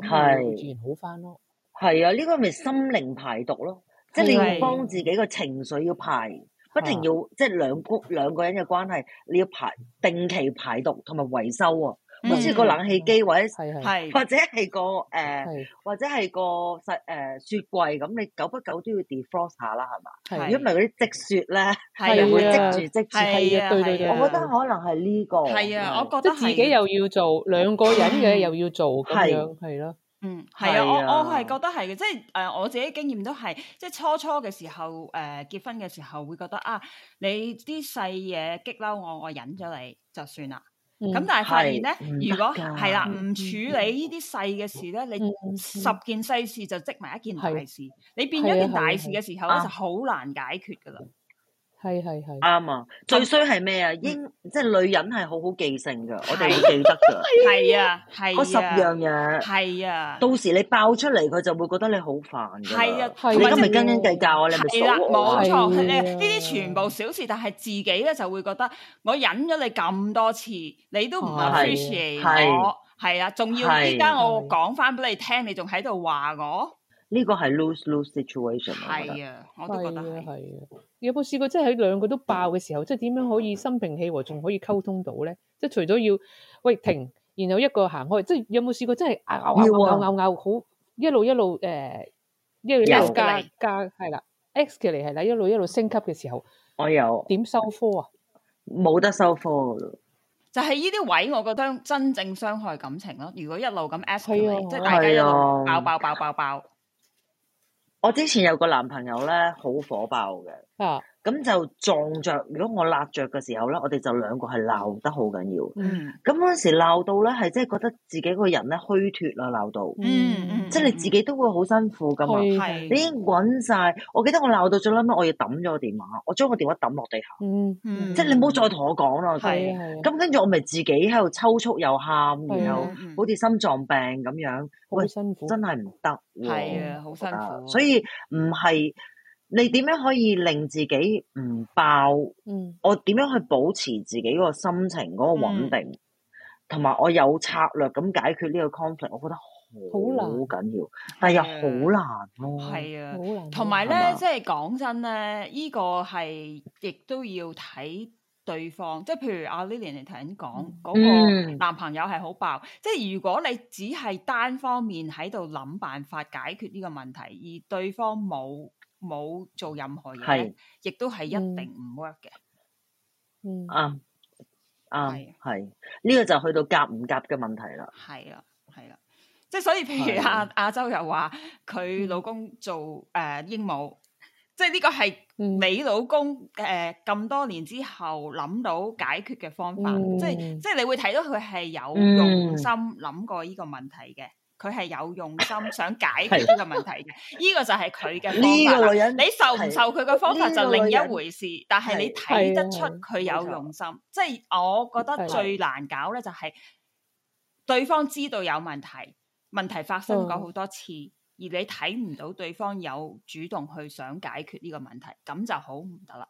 係自然好翻咯。係啊，呢個咪心靈排毒咯。即係你要幫自己個情緒要排，不停要即係兩個兩個人嘅關係，你要排定期排毒同埋維修喎。好似個冷氣機或者係或者係個誒或者係個實誒雪櫃咁，你久不久都要 defrost 下啦，係嘛？如果唔係嗰啲積雪咧，又會積住積住。係啊，對對對。我覺得可能係呢個。係啊，我覺得自己又要做，兩個人嘅又要做，咁樣係咯。嗯，係啊，啊我我係覺得係嘅，即係誒、呃，我自己經驗都係，即係初初嘅時候，誒、呃、結婚嘅時候會覺得啊，你啲細嘢激嬲我，我忍咗你就算啦。咁、嗯、但係發現咧，如果係啦，唔處理呢啲細嘅事咧，你十件細事就積埋一件大事，是你變咗件大事嘅時候咧，就好難解決噶啦。係係係，啱啊！最衰係咩啊？英即係女人係好好記性噶，我哋記得噶，係啊，係嗰十樣嘢，係啊，到時你爆出嚟，佢就會覺得你好煩嘅。係啊，你而家咪斤斤計較我哋咪傻我？冇錯，你呢啲全部小事，但係自己咧就會覺得我忍咗你咁多次，你都唔係 appreciate 我，係啊，仲要而家我講翻俾你聽，你仲喺度話我。呢個係 lose lose situation 嚟啊，我都覺得係啊，啊，有冇試過即係喺兩個都爆嘅時候，嗯、即係點樣可以心平氣和，仲可以溝通到咧？即係除咗要喂停，然後一個行開，即係有冇試過即係拗拗拗拗好一路一路誒、呃、一路有加加係啦，escalate 係啦，一路一路升級嘅時候，我有點收科啊，冇得收科就係呢啲位我覺得真正傷害感情咯。如果一路咁 escalate 即係大家一路爆爆爆爆，爆。我之前有個男朋友咧，好火爆嘅。啊。咁就撞着，如果我揦着嘅時候咧，我哋就兩個係鬧得好緊要。嗯。咁嗰時鬧到咧，係即係覺得自己個人咧虛脫啦，鬧到。嗯，即係你自己都會好辛苦噶嘛？係。你已經滾晒，我記得我鬧到最嬲咩？我要抌咗個電話，我將個電話抌落地下。嗯，即係你唔好再同我講啦，係。係。咁跟住我咪自己喺度抽搐又喊，然後好似心臟病咁樣。好辛苦。真係唔得。係啊，好辛苦。所以唔係。你點樣可以令自己唔爆？嗯，我點樣去保持自己個心情嗰個穩定，同埋、嗯、我有策略咁解決呢個 conflict，我覺得好難好緊要，啊、但又好難咯。係啊，好、啊啊、難、啊。同埋咧，吧即係講真咧，呢、呢個係亦都要睇對方，即係譬如阿 Lilian 頭先講嗰、嗯、個男朋友係好爆，即係、嗯、如果你只係單方面喺度諗辦法解決呢個問題，而對方冇。冇做任何嘢是亦都係一定唔 work 嘅。啱啱係呢個就去到夾唔夾嘅問題啦。係啦、啊，係啦、啊，即係所以，譬如阿阿周又話佢老公做誒鸚鵡，即係呢個係你老公誒咁、嗯呃、多年之後諗到解決嘅方法，嗯、即係即係你會睇到佢係有用心諗、嗯、過呢個問題嘅。佢係有用心想解決呢個問題嘅，呢 的個就係佢嘅方法啦。你受唔受佢嘅方法的就另一回事，但係你睇得出佢有用心。即係我覺得最難搞咧，就係對方知道有問題，的問題發生過好多次，嗯、而你睇唔到對方有主動去想解決呢個問題，咁就好唔得啦。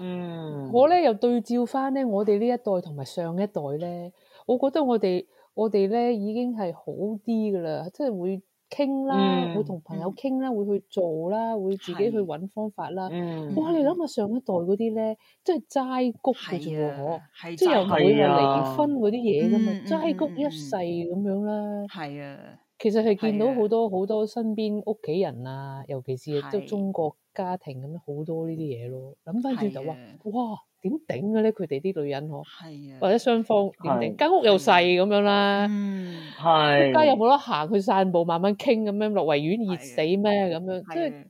嗯，我咧又對照翻咧，我哋呢一代同埋上一代咧，我覺得我哋。我哋咧已經係好啲噶啦，即係、嗯、會傾啦，會同朋友傾啦，會去做啦，會自己去揾方法啦。是嗯、哇！你諗下上一代嗰啲咧，真係齋谷嘅啫喎，即係又唔會離婚嗰啲嘢咁嘛，齋的、嗯、谷一世咁樣啦。係啊的，其實係見到好多好的多身邊屋企人啊，尤其是即係中國家庭咁樣好多呢啲嘢咯。諗翻轉就話，哇！哇點頂嘅咧？佢哋啲女人喎，或者雙方點頂？間屋又細咁樣啦，係，依家有冇得行去散步、慢慢傾咁樣？落維園熱死咩？咁樣即係，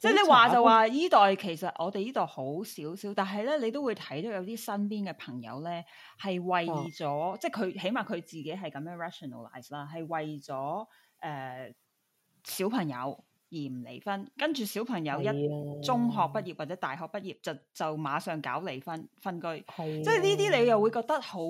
即係你話就話，依代其實我哋依代好少少，但係咧，你都會睇到有啲身邊嘅朋友咧，係為咗即係佢起碼佢自己係咁樣 rationalize 啦，係為咗誒小朋友。而唔離婚，跟住小朋友一中學畢業或者大學畢業的就就馬上搞離婚分居，的即係呢啲你又會覺得好，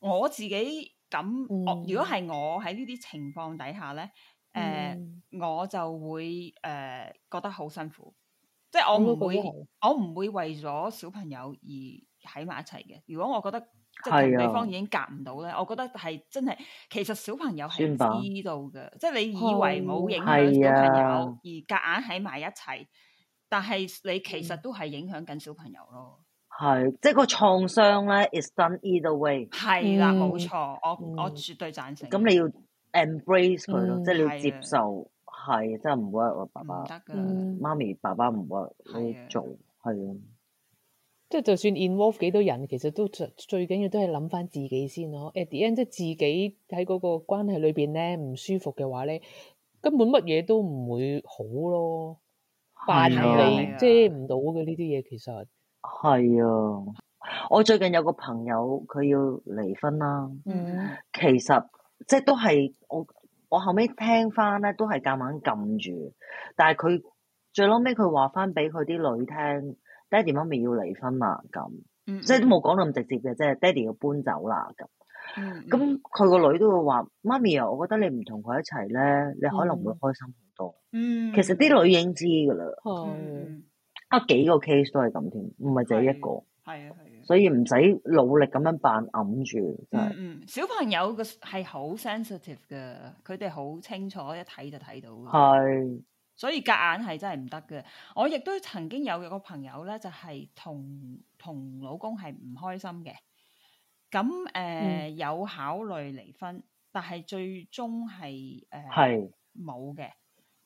我自己咁、嗯，如果係我喺呢啲情況底下呢，誒、呃，嗯、我就會誒、呃、覺得好辛苦，即係我唔會，我唔會為咗小朋友而喺埋一齊嘅。如果我覺得，即係同對方已經夾唔到咧，我覺得係真係，其實小朋友係知道嘅，即係你以為冇影響小朋友，而夾硬喺埋一齊，但係你其實都係影響緊小朋友咯。係，即係個創傷咧，is done either way。係啦，冇錯，我我絕對贊成。咁你要 embrace 佢咯，即係你要接受，係真係唔 work 啊，爸爸，媽咪，爸爸唔得，呢啲做係啊。即係就算 involve 幾多人，其實都最最緊要都係諗翻自己先咯。at the end，即係自己喺嗰個關係裏邊咧唔舒服嘅話咧，根本乜嘢都唔會好咯，扮嚟、啊啊、遮唔到嘅呢啲嘢其實係啊。我最近有個朋友佢要離婚啦，嗯、其實即係都係我我後尾聽翻咧都係夾硬撳住，但係佢最撈尾佢話翻俾佢啲女聽。爹哋媽咪要離婚啦，咁、嗯嗯、即係都冇講咁直接嘅，即係爹哋要搬走啦咁。咁佢個女都會話媽咪啊，我覺得你唔同佢一齊咧，你可能會開心好多。嗯，其實啲女已經知噶啦，係啊、嗯，嗯、幾個 case 都係咁添，唔係就一個。係啊係啊。所以唔使努力咁樣扮，揞住，真、就、係、是。嗯，嗯，嗯小朋友個係好 sensitive 噶，佢哋好清楚，一睇就睇到。係。所以夾硬係真係唔得嘅。我亦都曾經有個朋友咧，就係同同老公係唔開心嘅。咁誒、呃嗯、有考慮離婚，但係最終係誒冇嘅。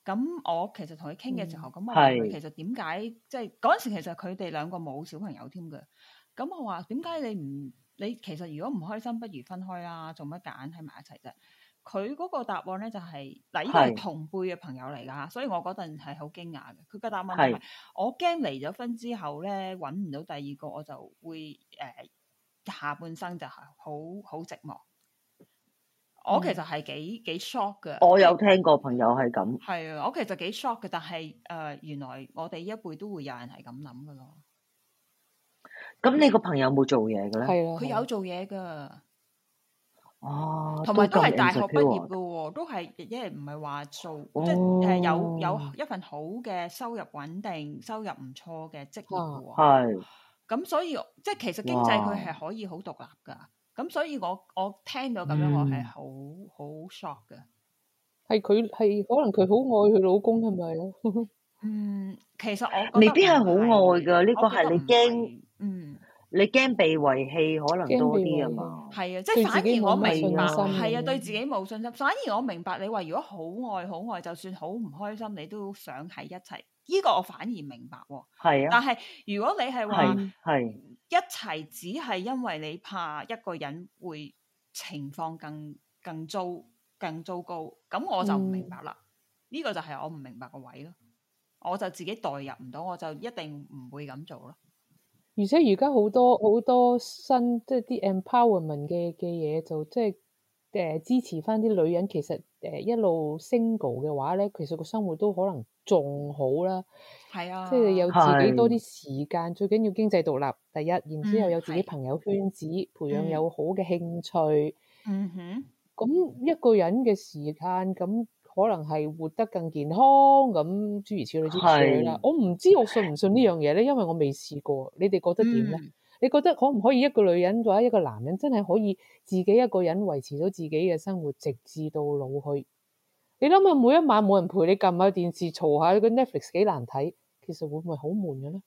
咁、呃、是我其實同佢傾嘅時候，咁我、嗯、問佢其實點解？是即係嗰陣時其實佢哋兩個冇小朋友添嘅。咁我話點解你唔你其實如果唔開心，不如分開啊？做乜夾硬喺埋一齊啫？佢嗰個答案咧就係、是，嗱，呢個係同輩嘅朋友嚟噶，所以我嗰陣係好驚訝嘅。佢個答案、就、係、是、是我驚離咗婚之後咧，搵唔到第二個，我就會誒、呃、下半生就係好好寂寞。我其實係幾幾 shock 嘅。我有聽過朋友係咁。係啊，我其實幾 shock 嘅，但係誒、呃，原來我哋一輩都會有人係咁諗噶咯。咁你個朋友冇做嘢嘅咧？係啊，佢 有做嘢噶。哦，同埋都係大學畢業嘅喎，都係即係唔係話做，即係有有一份好嘅收入穩定，收入唔錯嘅職業嘅喎。係。咁所以即係其實經濟佢係可以好獨立噶。咁所以我我聽到咁樣我係好好 shock 嘅。係，佢係可能佢好愛佢老公係咪啊？嗯，其實我未必係好愛嘅，呢個係你驚嗯。你驚被遺棄可能多啲啊嘛，係啊，即係反而我明白，係啊，對自己冇信心。反而我明白你話，如果好愛好愛，就算好唔開心，你都想喺一齊。呢個我反而明白喎。係啊。但係如果你係話係一齊，只係因為你怕一個人會情況更更糟更糟糕，咁我就唔明白啦。呢個就係我唔明白個位咯。我就自己代入唔到，我就一定唔會咁做咯。而且而家好多好多新即係啲 empowerment 嘅嘅嘢，就即係誒、呃、支持翻啲女人。其實誒、呃、一路 single 嘅話咧，其實個生活都可能仲好啦。係啊，即係有自己多啲時間，啊、最緊要經濟獨立第一，然之後有自己朋友圈子，啊、培養有好嘅興趣。啊、嗯哼，咁一個人嘅時間咁。可能係活得更健康咁諸如此類之類啦。是我唔知我信唔信呢樣嘢呢？因為我未試過。你哋覺得點呢？嗯、你覺得可唔可以一個女人或者一個男人真係可以自己一個人維持到自己嘅生活，直至到老去？你諗下，每一晚冇人陪你撳下電視，嘈下嗰、那個、Netflix 幾難睇，其實會唔會好悶嘅呢？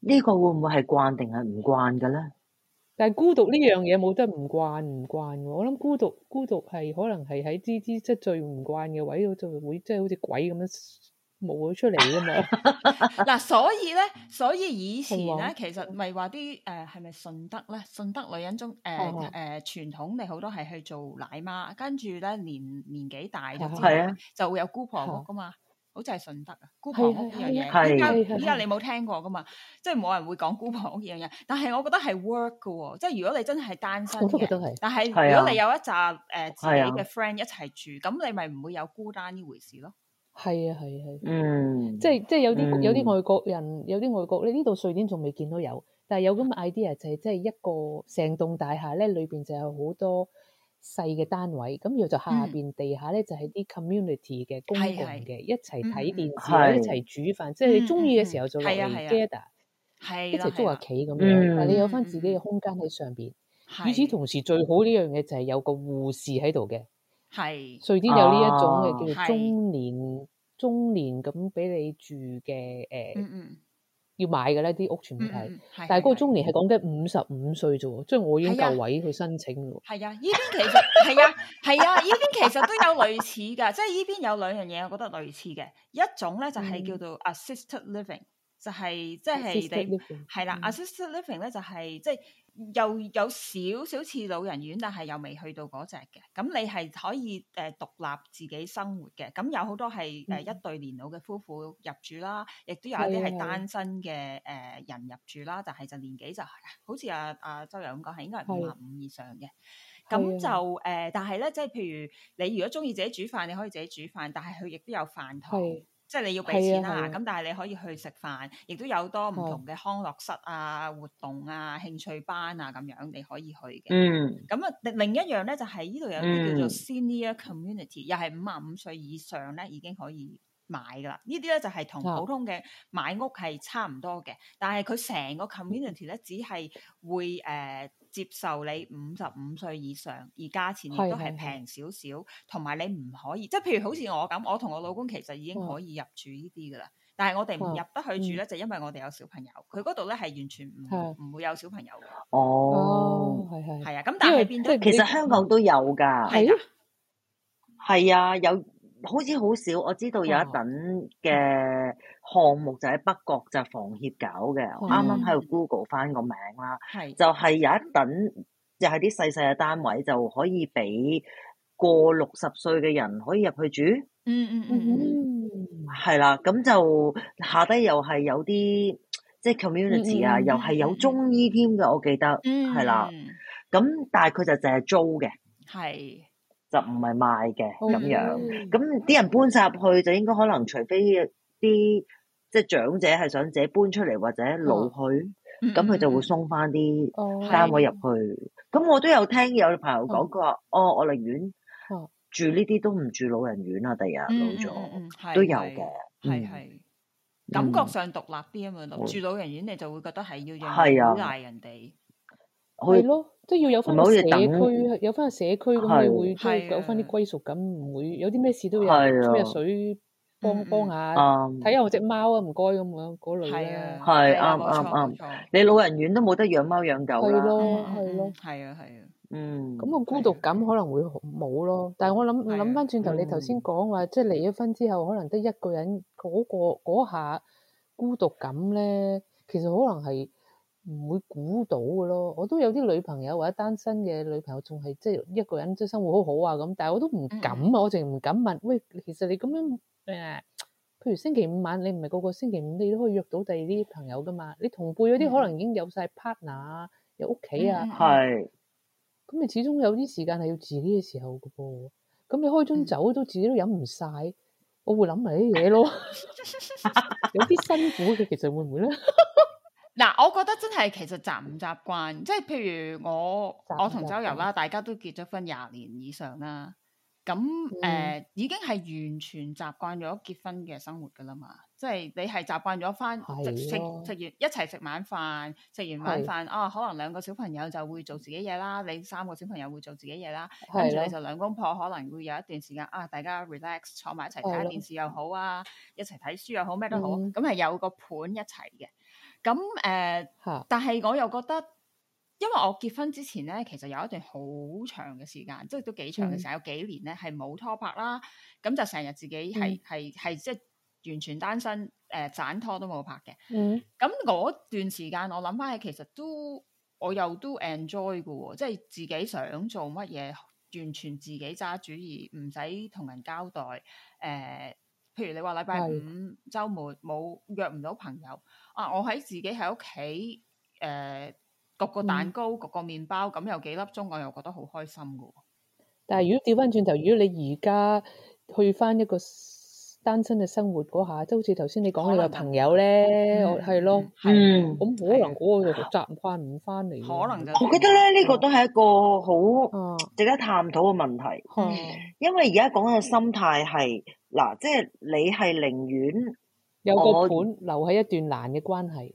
呢個會唔會係慣定係唔慣嘅呢？但係孤獨呢樣嘢冇得唔慣唔慣喎，我諗孤獨孤獨係可能係喺啲啲即係最唔慣嘅位度，就會即係好似鬼咁樣冒咗出嚟噶嘛。嗱、 啊，所以咧，所以以前咧，其實咪話啲誒係咪順德咧，順德女人中誒誒、呃哦哦呃、傳統嘅好多係去做奶媽，跟住咧年年紀大就、啊、就會有姑婆屋噶嘛、啊。嗯好似係順德啊，姑婆屋呢樣嘢，依家依家你冇聽過噶嘛？即係冇人會講姑婆屋呢樣嘢，但係我覺得係 work 嘅喎。即係如果你真係單身，嘅，都係。但係如果你有一扎誒自己嘅 friend 一齊住，咁你咪唔會有孤單呢回事咯。係啊係啊，嗯，即係即係有啲有啲外國人，有啲外國你呢度瑞典仲未見到有，但係有咁嘅 idea 就係即係一個成棟大廈咧，裏邊就有好多。細嘅單位，咁然後就下邊地下咧就係啲 community 嘅公共嘅，一齊睇電視，一齊煮飯，即係你中意嘅時候就嚟 gather，係一齊捉下棋咁樣，但你有翻自己嘅空間喺上邊。與此同時，最好呢樣嘢就係有個護士喺度嘅，係，瑞典有呢一種嘅叫做中年中年咁俾你住嘅誒。要買嘅呢啲屋全部係，但係嗰個中年係講緊五十五歲啫喎，即係的我已經夠位去申請嘅喎。係啊，呢邊其實係啊係啊，呢邊 其實都有類似嘅，即係呢邊有兩樣嘢，我覺得類似嘅，一種咧就係叫做 assisted、嗯、assisted living，就係即係點係啦，assisted living 咧就係即係。就是又有少少似老人院，但係又未去到嗰隻嘅。咁你係可以誒、呃、獨立自己生活嘅。咁有好多係誒、嗯、一對年老嘅夫婦入住啦，亦都有一啲係單身嘅誒人入住啦。的但係就年紀就係、好似阿阿周游咁講，係應該係五十五以上嘅。咁的就誒、呃，但係咧，即係譬如你如果中意自己煮飯，你可以自己煮飯，但係佢亦都有飯堂。即係你要俾錢啦，咁但係你可以去食飯，亦都有多唔同嘅康樂室啊、哦、活動啊、興趣班啊咁樣你可以去嘅。嗯，咁啊，另另一樣咧就係呢度有啲叫做 senior community，、嗯、又係五啊五十五歲以上咧已經可以買㗎啦。呢啲咧就係、是、同普通嘅買屋係差唔多嘅，哦、但係佢成個 community 咧只係會誒。呃接受你五十五歲以上，而價錢亦都係平少少，同埋你唔可以，即係譬如好似我咁，我同我老公其實已經可以入住呢啲噶啦，但係我哋唔入得去住咧，就因為我哋有小朋友，佢嗰度咧係完全唔唔會有小朋友嘅。哦，係係係啊，咁但係變咗，其實香港都有噶。係啊，有，好似好少，我知道有一等嘅，項目就喺北角就係房協搞嘅，啱啱喺度 Google 翻個名啦，就係有一等就係啲細細嘅單位，就可以俾過六十歲嘅人可以入去住，嗯嗯嗯，係啦，咁就下低又係有啲即係 community 啊，又係有中醫添嘅，我記得，係啦，咁但係佢就淨係租嘅，係就唔係賣嘅咁樣，咁啲人搬晒入去就應該可能除非啲。即係長者係想自己搬出嚟，或者老去，咁佢就會鬆翻啲單位入去。咁我都有聽有朋友講過，哦，我寧願住呢啲都唔住老人院啊，第日老咗都有嘅。係係，感覺上獨立啲啊嘛。住老人院你就會覺得係要要賴人哋，係咯，即係要有翻個社區，有翻個社區咁樣會有翻啲歸屬感，唔會有啲咩事都有衝入水。幫幫下睇下我隻貓啊，唔該咁樣嗰類啦。係啊，啱啱啱。你老人院都冇得養貓養狗啦。係咯，係咯。係啊，係啊。嗯。咁個孤獨感可能會冇咯，但係我諗諗翻轉頭，你頭先講話，即係離咗婚之後，可能得一個人嗰個嗰下孤獨感咧，其實可能係唔會估到嘅咯。我都有啲女朋友或者單身嘅女朋友，仲係即係一個人即係生活好好啊咁，但係我都唔敢啊，我淨係唔敢問喂，其實你咁樣。誒，譬如星期五晚，你唔係個個星期五你都可以約到第二啲朋友噶嘛？你同輩嗰啲可能已經有晒 partner，的有屋企啊，係的。咁你始終有啲時間係要自己嘅時候嘅噃，咁你開樽酒的都自己都飲唔晒，我會諗埋啲嘢咯。 有啲辛苦嘅，其實會唔會咧？嗱， 我覺得真係其實習唔習慣，即係譬如我慣我同周游啦，大家都結咗婚廿年以上啦。咁誒、呃、已經係完全習慣咗結婚嘅生活㗎啦嘛，即係你係習慣咗翻食食完一齊食晚飯，食完晚飯的啊，可能兩個小朋友就會做自己嘢啦，你三個小朋友會做自己嘢啦，跟住的就兩公婆可能會有一段時間啊，大家 relax 坐埋一齊睇下電視又好啊，的一齊睇書又好，咩都好，咁係的有個盤一齊嘅。咁誒、呃，但係我又覺得。因為我結婚之前咧，其實有一段好長嘅時間，即係都幾長嘅時候，嗯、有幾年咧係冇拖拍啦。咁就成日自己係係係即係完全單身，誒、呃，散拖都冇拍嘅。咁嗰、嗯、段時間，我諗翻起其實都我又都 enjoy 嘅喎，即係自己想做乜嘢，完全自己揸主意，唔使同人交代。誒、呃，譬如你話禮拜五週末冇是約唔到朋友啊，我喺自己喺屋企誒、呃焗個蛋糕，焗個麵包，咁又幾粒鐘，我又覺得好開心嘅。但係如果調翻轉頭，如果你而家去翻一個單身嘅生活嗰下，即係好似頭先你講你個朋友咧，我係咯，嗯，咁可能我就習慣唔翻嚟。可能就我覺得咧，呢個都係一個好值得探討嘅問題，因為而家講嘅心態係嗱，即係你係寧願有個盤留喺一段難嘅關係。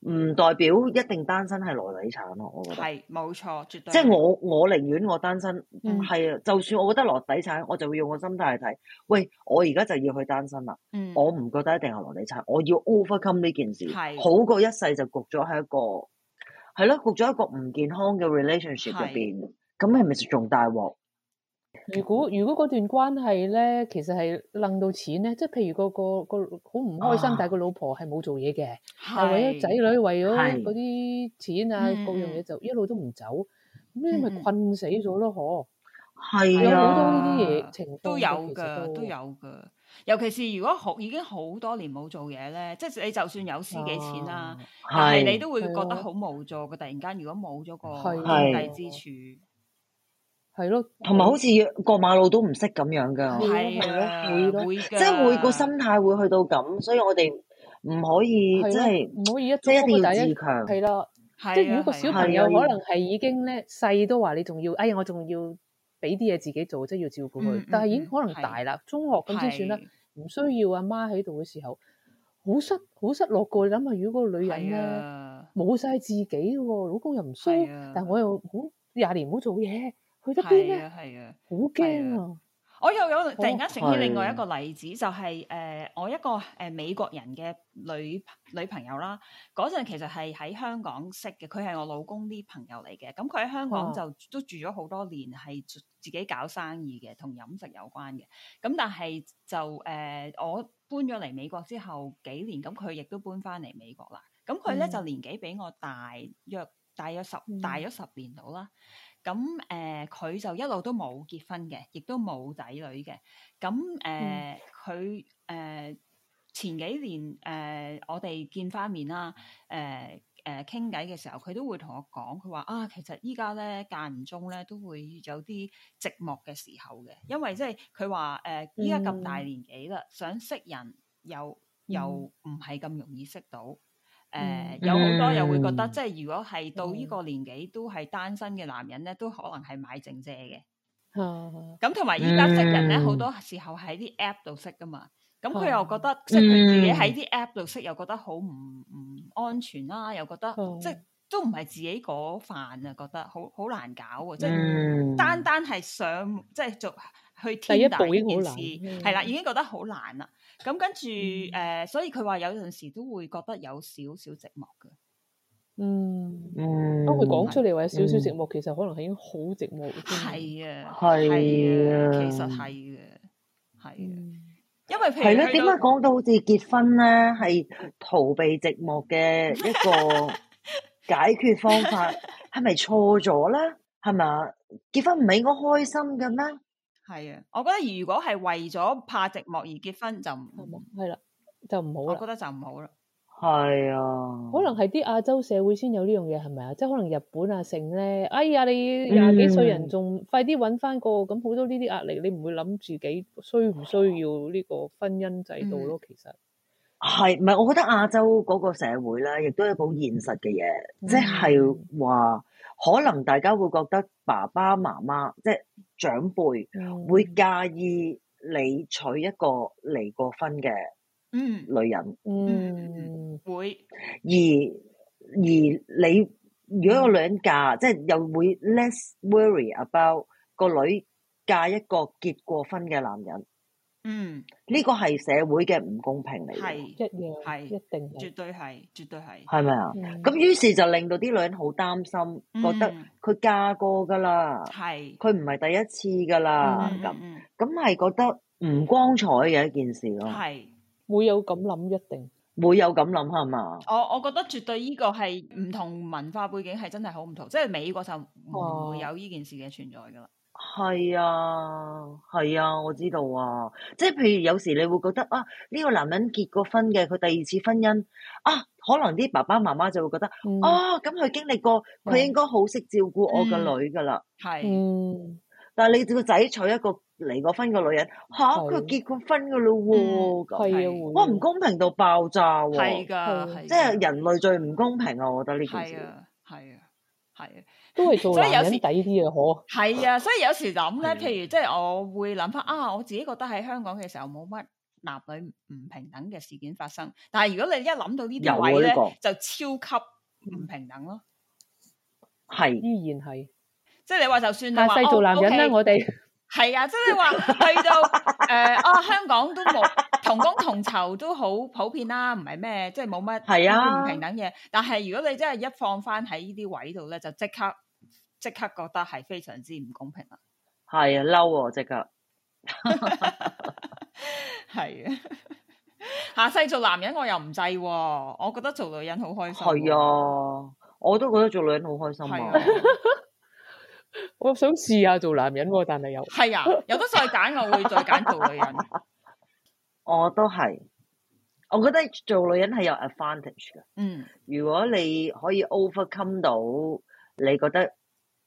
唔代表一定單身係落底層咯，我覺得係冇錯，絕對。即係我我寧願我單身，係啊，嗯、就算我覺得落底層，我就會用個心態去睇，喂，我而家就要去單身啦，嗯、我唔覺得一定係落底層，我要 overcome 呢件事，是好過一世就焗咗喺一個，係咯、啊，焗咗喺一個唔健康嘅 relationship 入邊，咁係咪仲大鑊？如果如果嗰段關係咧，其實係掄到錢咧，即係譬如個個好唔開心，但係個老婆係冇做嘢嘅，為咗仔女，為咗嗰啲錢啊，嗰樣嘢就一路都唔走，咁你咪困死咗咯？嗬，係啊，有好多呢啲嘢情都有㗎，都有㗎。尤其是如果好已經好多年冇做嘢咧，即係你就算有私己錢啦，但係你都會覺得好無助嘅。突然間如果冇咗個經濟支柱。係咯，同埋好似過馬路都唔識咁樣噶，係啊，即係每個心態會去到咁，所以我哋唔可以即係唔可以一定要自強。係咯，即係如果個小朋友可能係已經咧細都話你仲要，哎呀我仲要俾啲嘢自己做，即係要照顧佢，但係已經可能大啦，中學咁先算啦，唔需要阿媽喺度嘅時候，好失好失落過。你諗下，如果個女人咧冇晒自己喎，老公又唔衰，但我又好廿年唔好做嘢。佢都邊係啊，係啊，好驚啊，啊！我又有，有好突然間想起另外一個例子，的就係、是、誒、呃，我一個誒美國人嘅女女朋友啦。嗰陣其實係喺香港識嘅，佢係我老公啲朋友嚟嘅。咁佢喺香港就都住咗好多年，係、啊、自己搞生意嘅，同飲食有關嘅。咁但係就誒、呃，我搬咗嚟美國之後幾年，咁佢亦都搬翻嚟美國啦。咁佢咧就年紀比我大約大約十、嗯、大咗十年度啦。咁誒，佢、呃、就一路都冇結婚嘅，亦都冇仔女嘅。咁誒，佢、呃、誒、嗯呃、前幾年誒、呃，我哋見翻面啦，誒誒傾偈嘅時候，佢都會同我講，佢話啊，其實依家咧間唔中咧都會有啲寂寞嘅時候嘅，因為即係佢話誒，依家咁大年紀啦，嗯、想識人又又唔係咁容易識到。誒、 呃，有好多又會覺得，即係如果係到呢個年紀都係單身嘅男人咧，都可能係買剩蔗嘅。咁同埋而家識人咧，好多時候喺啲 App 度識噶嘛。咁佢又覺得，即係自己喺啲 App 度識，又覺得好唔唔安全啦。又覺得、嗯、即係都唔係自己嗰範啊，覺得好好難搞啊！即係、嗯、單單係想即係做去天大呢件事，係啦、嗯，已經覺得好難啦。咁跟住，誒、嗯呃，所以佢話有陣時都會覺得有少少寂寞嘅。嗯，嗯，當佢講出嚟話有少少寂寞，嗯、其實可能係已經好寂寞。係啊，係啊，啊其實係嘅，係嘅、嗯。因、啊、為譬如係點解講到好似結婚咧係逃避寂寞嘅一個解決方法，係咪 錯咗咧？係咪啊？結婚唔係我開心嘅咩？係啊，我覺得如果係為咗怕寂寞而結婚就唔係啦，就唔好啦，我覺得就唔好啦。係啊，可能係啲亞洲社會先有呢樣嘢，係咪啊？即係可能日本啊，成咧，哎呀，你廿幾歲人仲快啲搵翻個，咁好、嗯、多呢啲壓力，你唔會諗自己需唔需要呢個婚姻制度咯？啊嗯、其實係唔係？我覺得亞洲嗰個社會咧，亦都係好現實嘅嘢，即係話可能大家會覺得爸爸媽媽即係。長輩會介意你娶一個離過婚嘅女人，會、嗯。而而你如果個女人嫁，即係又會 less worry about 個女嫁一個結過婚嘅男人。嗯，呢個係社會嘅唔公平嚟，係一樣，係一定，絕對係，絕對係，係咪啊？咁於是就令到啲女人好擔心，覺得佢嫁過噶啦，係，佢唔係第一次噶啦，咁咁係覺得唔光彩嘅一件事咯，係，會有咁諗，一定會有咁諗，係咪啊？我我覺得絕對呢個係唔同文化背景係真係好唔同，即係美國就唔會有呢件事嘅存在噶啦。係啊，係啊，我知道啊。即係譬如有時你會覺得啊，呢、這個男人結過婚嘅，佢第二次婚姻啊，可能啲爸爸媽媽就會覺得、嗯、啊，咁佢經歷過，佢的應該好識照顧我個女噶啦。係、嗯。嗯。但係你個仔娶一個離過婚嘅女人，吓、啊、佢的、啊、結過婚噶咯喎，嗯、哇，唔公平到爆炸喎！係噶，即係人類最唔公平啊！我覺得呢件事係啊，係啊的，係啊的。都係做男人抵啲啊。嗬，係啊！所以有時諗咧，譬如即係我會諗翻啊，我自己覺得喺香港嘅時候冇乜男女唔平等嘅事件發生。但係如果你一諗到呢啲位咧，就超級唔平等咯。係依然係，即係你話就算大細做男人咧，我哋係啊！即你話去到誒啊，香港都冇同工同酬都好普遍啦，唔係咩，即係冇乜係啊唔平等嘅。但係如果你真係一放翻喺呢啲位度咧，就即刻。即刻覺得係非常之唔公平啊！係啊，嬲喎！即刻係啊！下世做男人我又唔制喎，我覺得做女人好開心、啊。係啊，我都覺得做女人好開心、啊、 我想試下做男人喎、啊，但係又係啊！有得再揀，我會再揀做女人。 我都係，我覺得做女人係有 advantage 嘅。嗯，如果你可以 overcome 到，你覺得。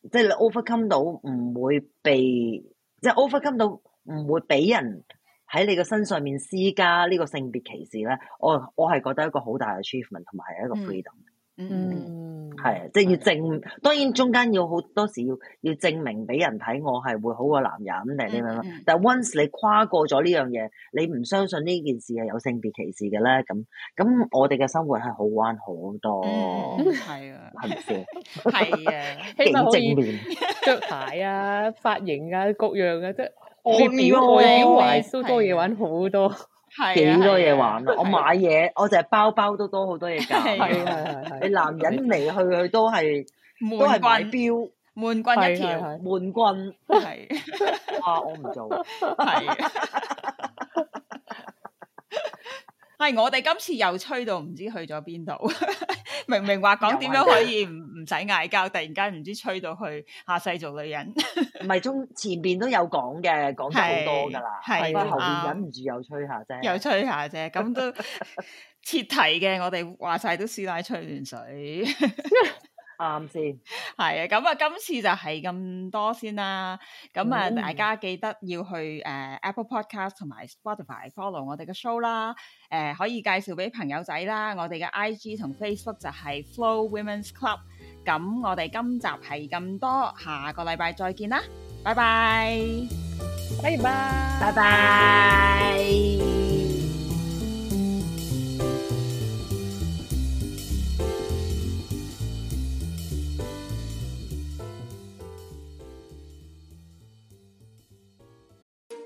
即係你 overcome 到唔會被，即係 overcome 到唔會俾人喺你嘅身上面施加呢個性別歧視咧，我我係覺得一個好大嘅 achievement 同埋係一個 freedom。嗯。嗯，係、mm hmm.，即係要證，當然中間要好多時要要證明俾人睇，我係會好過男人定點樣咯？但係、mm hmm. once 你跨過咗呢樣嘢，你唔相信呢件事係有性別歧視嘅咧？咁咁我哋嘅生活係好玩好多，係啊，係啊，正面，着鞋啊、髮型啊、各樣啊，即係外表外 s h o、 啊、 多嘢玩好多。 幾多嘢玩啊！ 的我買嘢， 的我淨係包包都多好多嘢揀。係啊，係啊，你男人嚟去去都係滿 都係買表，悶棍一條，悶棍係。啊！我唔做。係。 係我哋今次又吹到唔知去咗邊度， 明明話講點樣可以唔唔使嗌交，突然間唔知吹到去下世做女人。唔 係，中前邊都有講嘅，講咗好多噶啦，吧面不過後邊忍唔住又吹下啫，又吹下啫，咁都切題嘅。我哋話晒都師奶吹暖水。 啱先，係啊，咁啊，今次就係咁多先啦。咁啊，大家記得要去誒 Apple Podcast 同埋 Spotify follow 我哋嘅 show 啦。誒，可以介紹俾朋友仔啦。我哋嘅 IG 同 Facebook 就係 Flo Women’s Club。咁我哋今集係咁多，下個禮拜再見啦，拜拜，bye bye，拜拜。